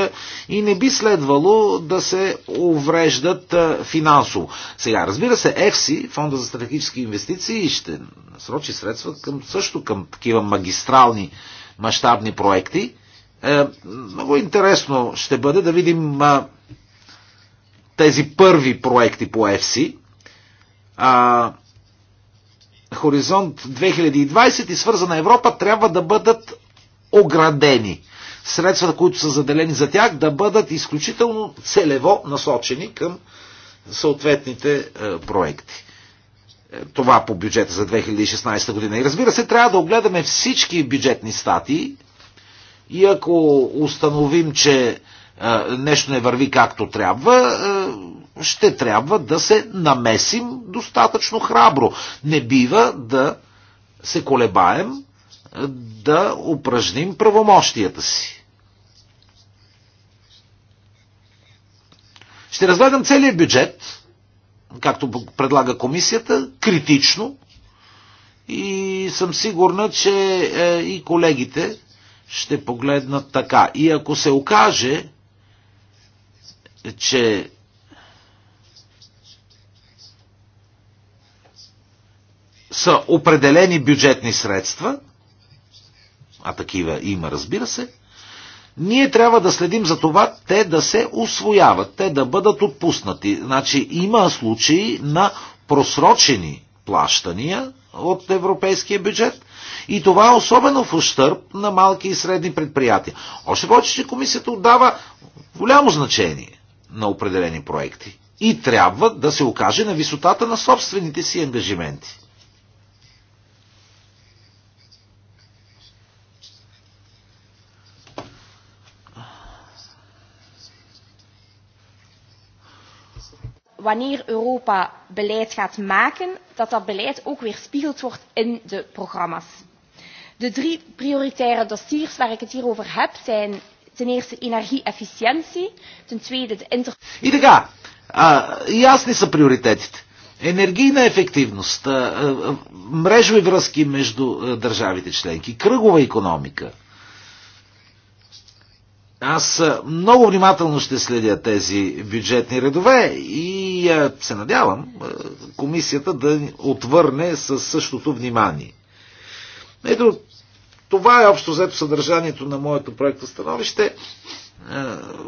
и не би следвало да се увреждат финансово. Сега, разбира се, ЕФСИ, Фонда за стратегически инвестиции, ще насрочи средства към, също към такива магистрални мащабни проекти. Е, много интересно ще бъде да видим тези първи проекти по ЕФСИ. Хоризонт 2020 и свързана Европа трябва да бъдат оградени. Средствата, които са заделени за тях, да бъдат изключително целево насочени към съответните е, проекти. Е, това по бюджета за 2016 година. И разбира се, трябва да огледаме всички бюджетни статии и ако установим, че е, нещо не върви както трябва, ще трябва да се намесим достатъчно храбро. Не бива да се колебаем да упражним правомощията си. Ще разгледам целият бюджет, както предлага комисията, критично и съм сигурна, че е, и колегите ще погледнат така. И ако се окаже, че са определени бюджетни средства, а такива има, разбира се, ние трябва да следим за това те да се освояват, те да бъдат отпуснати. Значи има случаи на просрочени плащания от европейския бюджет и това е особено в ущърп на малки и средни предприятия. Още повече, че комисията отдава голямо значение на определени проекти и трябва да се окаже на висотата на собствените си ангажименти. wanneer Europa beleid gaat maken, dat dat beleid ook weerspiegeld wordt in de programma's. De drie prioritaire dossiers waar ik het hier over heb zijn ten eerste energie efficiëntie, ten tweede de inter... И така, а, ясни са приоритетите. Енергийна ефективност, мрежови връзки между държавите членки, кръгова економика – аз много внимателно ще следя тези бюджетни редове и се надявам комисията да отвърне със същото внимание. Ето, това е общо взето съдържанието на моето проекто становище.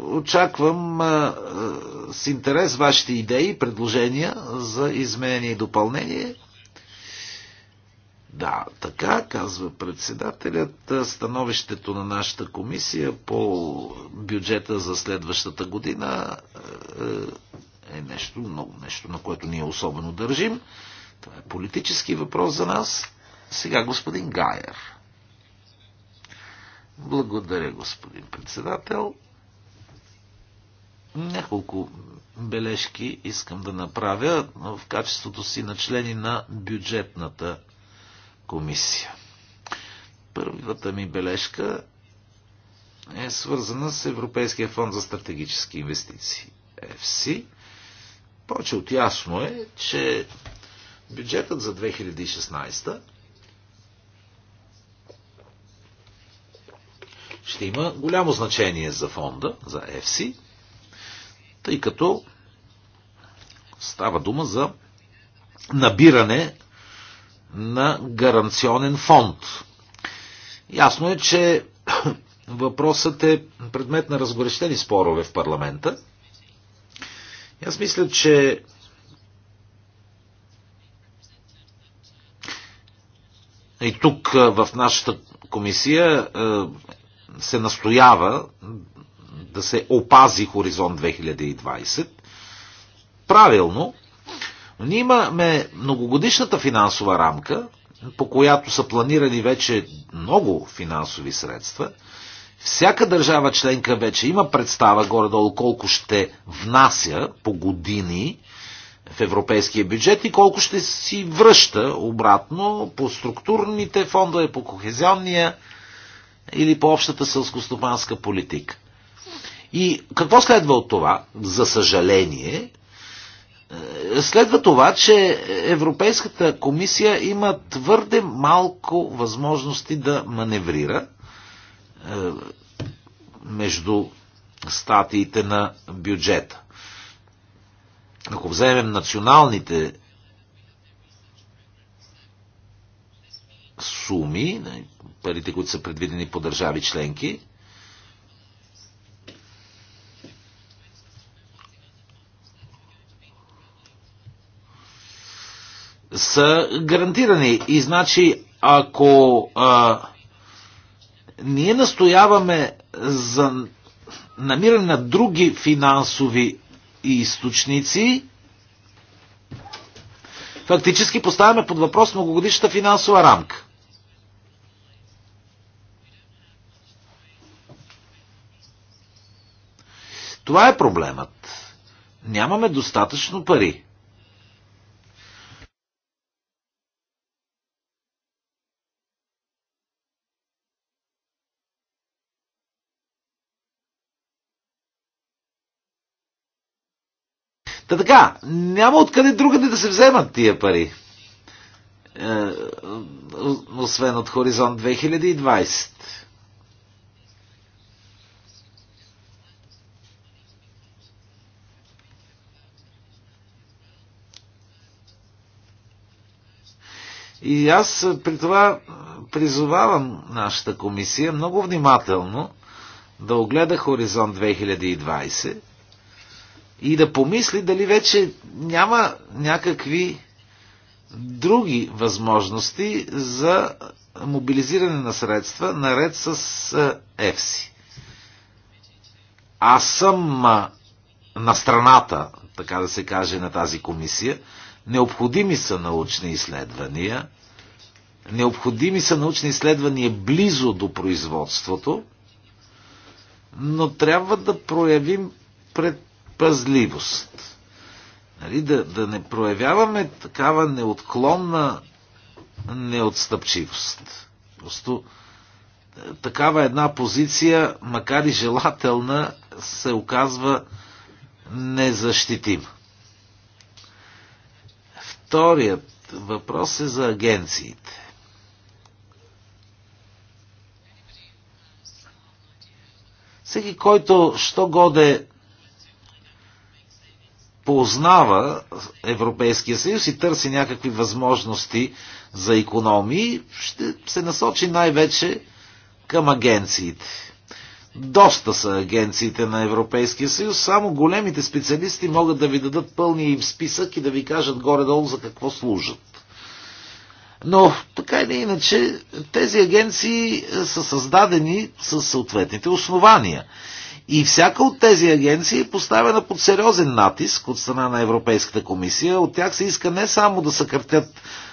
Очаквам с интерес вашите идеи, предложения за изменение и допълнение. Да, така, казва председателят, становището на нашата комисия по бюджета за следващата година е нещо, много нещо, на което ние особено държим. Това е политически въпрос за нас. Сега господин Гайер. Благодаря, господин председател. Няколко бележки искам да направя в качеството си на члени на бюджетната комисия. Първата ми бележка е свързана с Европейския фонд за стратегически инвестиции. ЕФСИ. Повече от ясно е, че бюджетът за 2016 ще има голямо значение за фонда, за ЕФСИ, тъй като става дума за набиране на гаранционен фонд. Ясно е, че въпросът е предмет на разгорещени спорове в парламента. Аз мисля, че и тук в нашата комисия се настоява да се опази Хоризонт 2020. Правилно, ние имаме многогодишната финансова рамка, по която са планирани вече много финансови средства. Всяка държава членка вече има представа горе-долу колко ще внася по години в европейския бюджет и колко ще си връща обратно по структурните фондове, по кохезионния или по общата сълскостопанска политика. И какво следва от това? За съжаление, е, следва това, че Европейската комисия има твърде малко възможности да маневрира е, между статиите на бюджета. Ако вземем националните суми, парите, които са предвидени по държави членки, са гарантирани. И значи, ако а, ние настояваме за намиране на други финансови източници, фактически поставяме под въпрос многогодишната финансова рамка. Това е проблемът. Нямаме достатъчно пари. Та така, няма откъде другаде да се вземат тия пари. Е, освен от Хоризонт 2020. И аз при това призовавам нашата комисия много внимателно да огледа Хоризонт 2020 и да помисли дали вече няма някакви други възможности за мобилизиране на средства наред с ЕФСИ. Аз съм на страната, така да се каже, на тази комисия. Необходими са научни изследвания, необходими са научни изследвания близо до производството, но трябва да проявим пред пазливост. Нали, да, да не проявяваме такава неотклонна неотстъпчивост. Просто е, такава една позиция, макар и желателна, се оказва незащитима. Вторият въпрос е за агенциите. Всеки, който що годе познава Европейския съюз и търси някакви възможности за економии, ще се насочи най-вече към агенциите. Доста са агенциите на Европейския съюз, само големите специалисти могат да ви дадат пълния им списък и да ви кажат горе-долу за какво служат. Но, така или иначе, тези агенции са създадени със съответните основания. И всяка от тези агенции е поставена под сериозен натиск от страна на Европейската комисия. От тях се иска не само да съкратят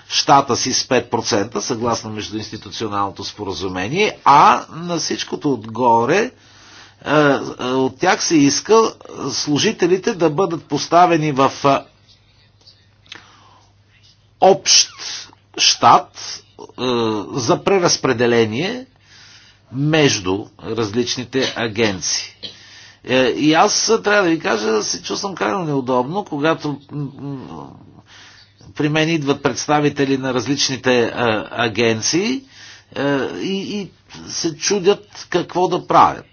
щата си с 5%, съгласно междуинституционалното споразумение, а на всичкото отгоре е, е, от тях се иска служителите да бъдат поставени в е, общ щат за преразпределение – между различните агенции. Е, и аз е, трябва да ви кажа, се чувствам крайно неудобно, когато при мен идват представители на различните е, агенции и, и се чудят какво да правят.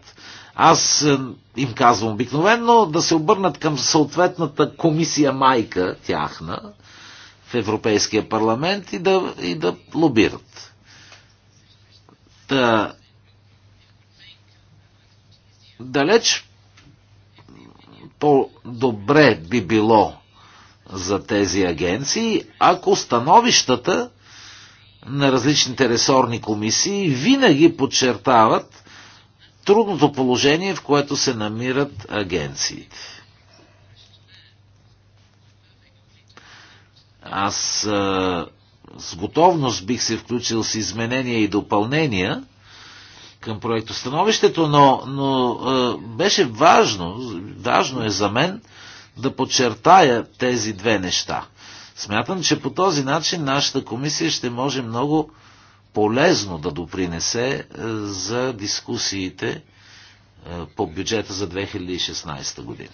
Аз им казвам обикновено да се обърнат към съответната комисия майка тяхна в Европейския парламент и да, и да лобират. Та, Далеч по-добре би било за тези агенции, ако становищата на различните ресорни комисии винаги подчертават трудното положение, в което се намират агенциите. Аз а, с готовност бих се включил с изменения и допълнения, към проекто становището, но, но е, беше важно, важно е за мен да подчертая тези две неща. Смятам, че по този начин нашата комисия ще може много полезно да допринесе е, за дискусиите е, по бюджета за 2016 година.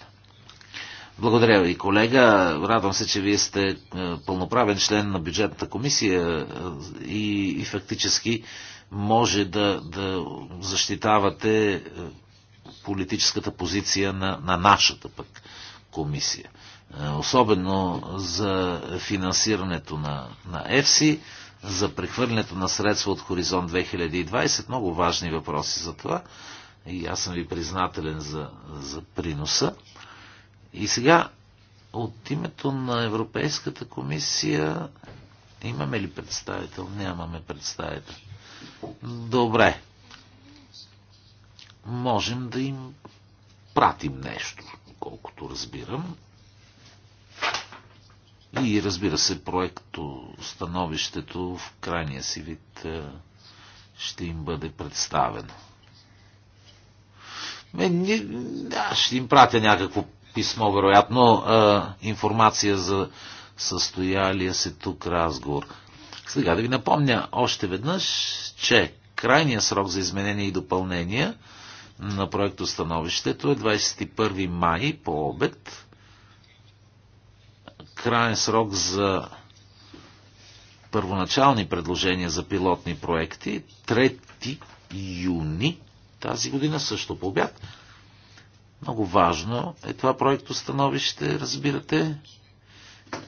Благодаря ви, колега. Радвам се, че вие сте е, пълноправен член на бюджетната комисия и, и фактически може да, да защитавате е, политическата позиция на, на нашата пък комисия. Е, особено за финансирането на, на ЕФСИ, за прехвърлянето на средства от Хоризонт 2020. Много важни въпроси за това. И аз съм ви признателен за, за приноса. И сега от името на Европейската комисия имаме ли представител? Нямаме представител. Добре. Можем да им пратим нещо, колкото разбирам. И разбира се, проекто, становището в крайния си вид е, ще им бъде представено. Е, да, ще им пратя някакво писмо, вероятно, а, е, информация за състоялия се тук разговор. Сега да ви напомня още веднъж, че крайният срок за изменение и допълнение на проекто становището е 21 май по обед. Крайен срок за първоначални предложения за пилотни проекти 3 е юни тази година също по обяд. Много важно е това проекто становище, разбирате.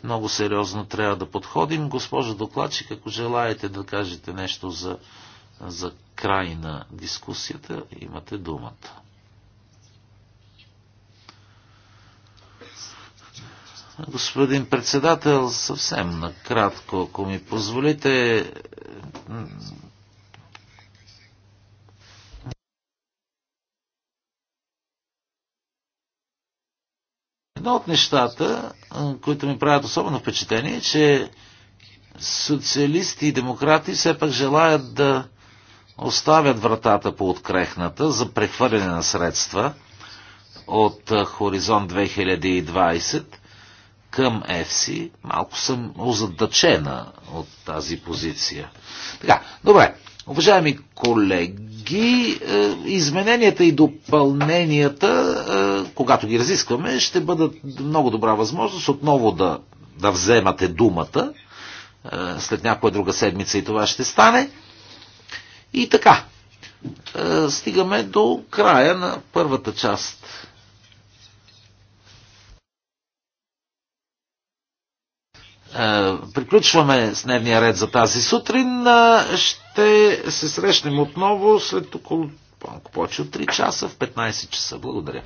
Много сериозно трябва да подходим. Госпожо докладчик, ако желаете да кажете нещо за, за край на дискусията, имате думата. Господин председател, съвсем накратко, ако ми позволите, Едно от нещата, които ми правят особено впечатление, е, че социалисти и демократи все пак желаят да оставят вратата по открехната за прехвърляне на средства от Хоризонт 2020 към ЕФСИ. Малко съм озадачена от тази позиция. Така, добре. Уважаеми колеги, е, измененията и допълненията, е, когато ги разискваме, ще бъдат много добра възможност отново да, да вземате думата. Е, след някоя друга седмица и това ще стане. И така, стигаме до края на първата част Е, приключваме с дневния ред за тази сутрин. Е, ще се срещнем отново след около малко повече от 3 часа в 15 часа. Благодаря.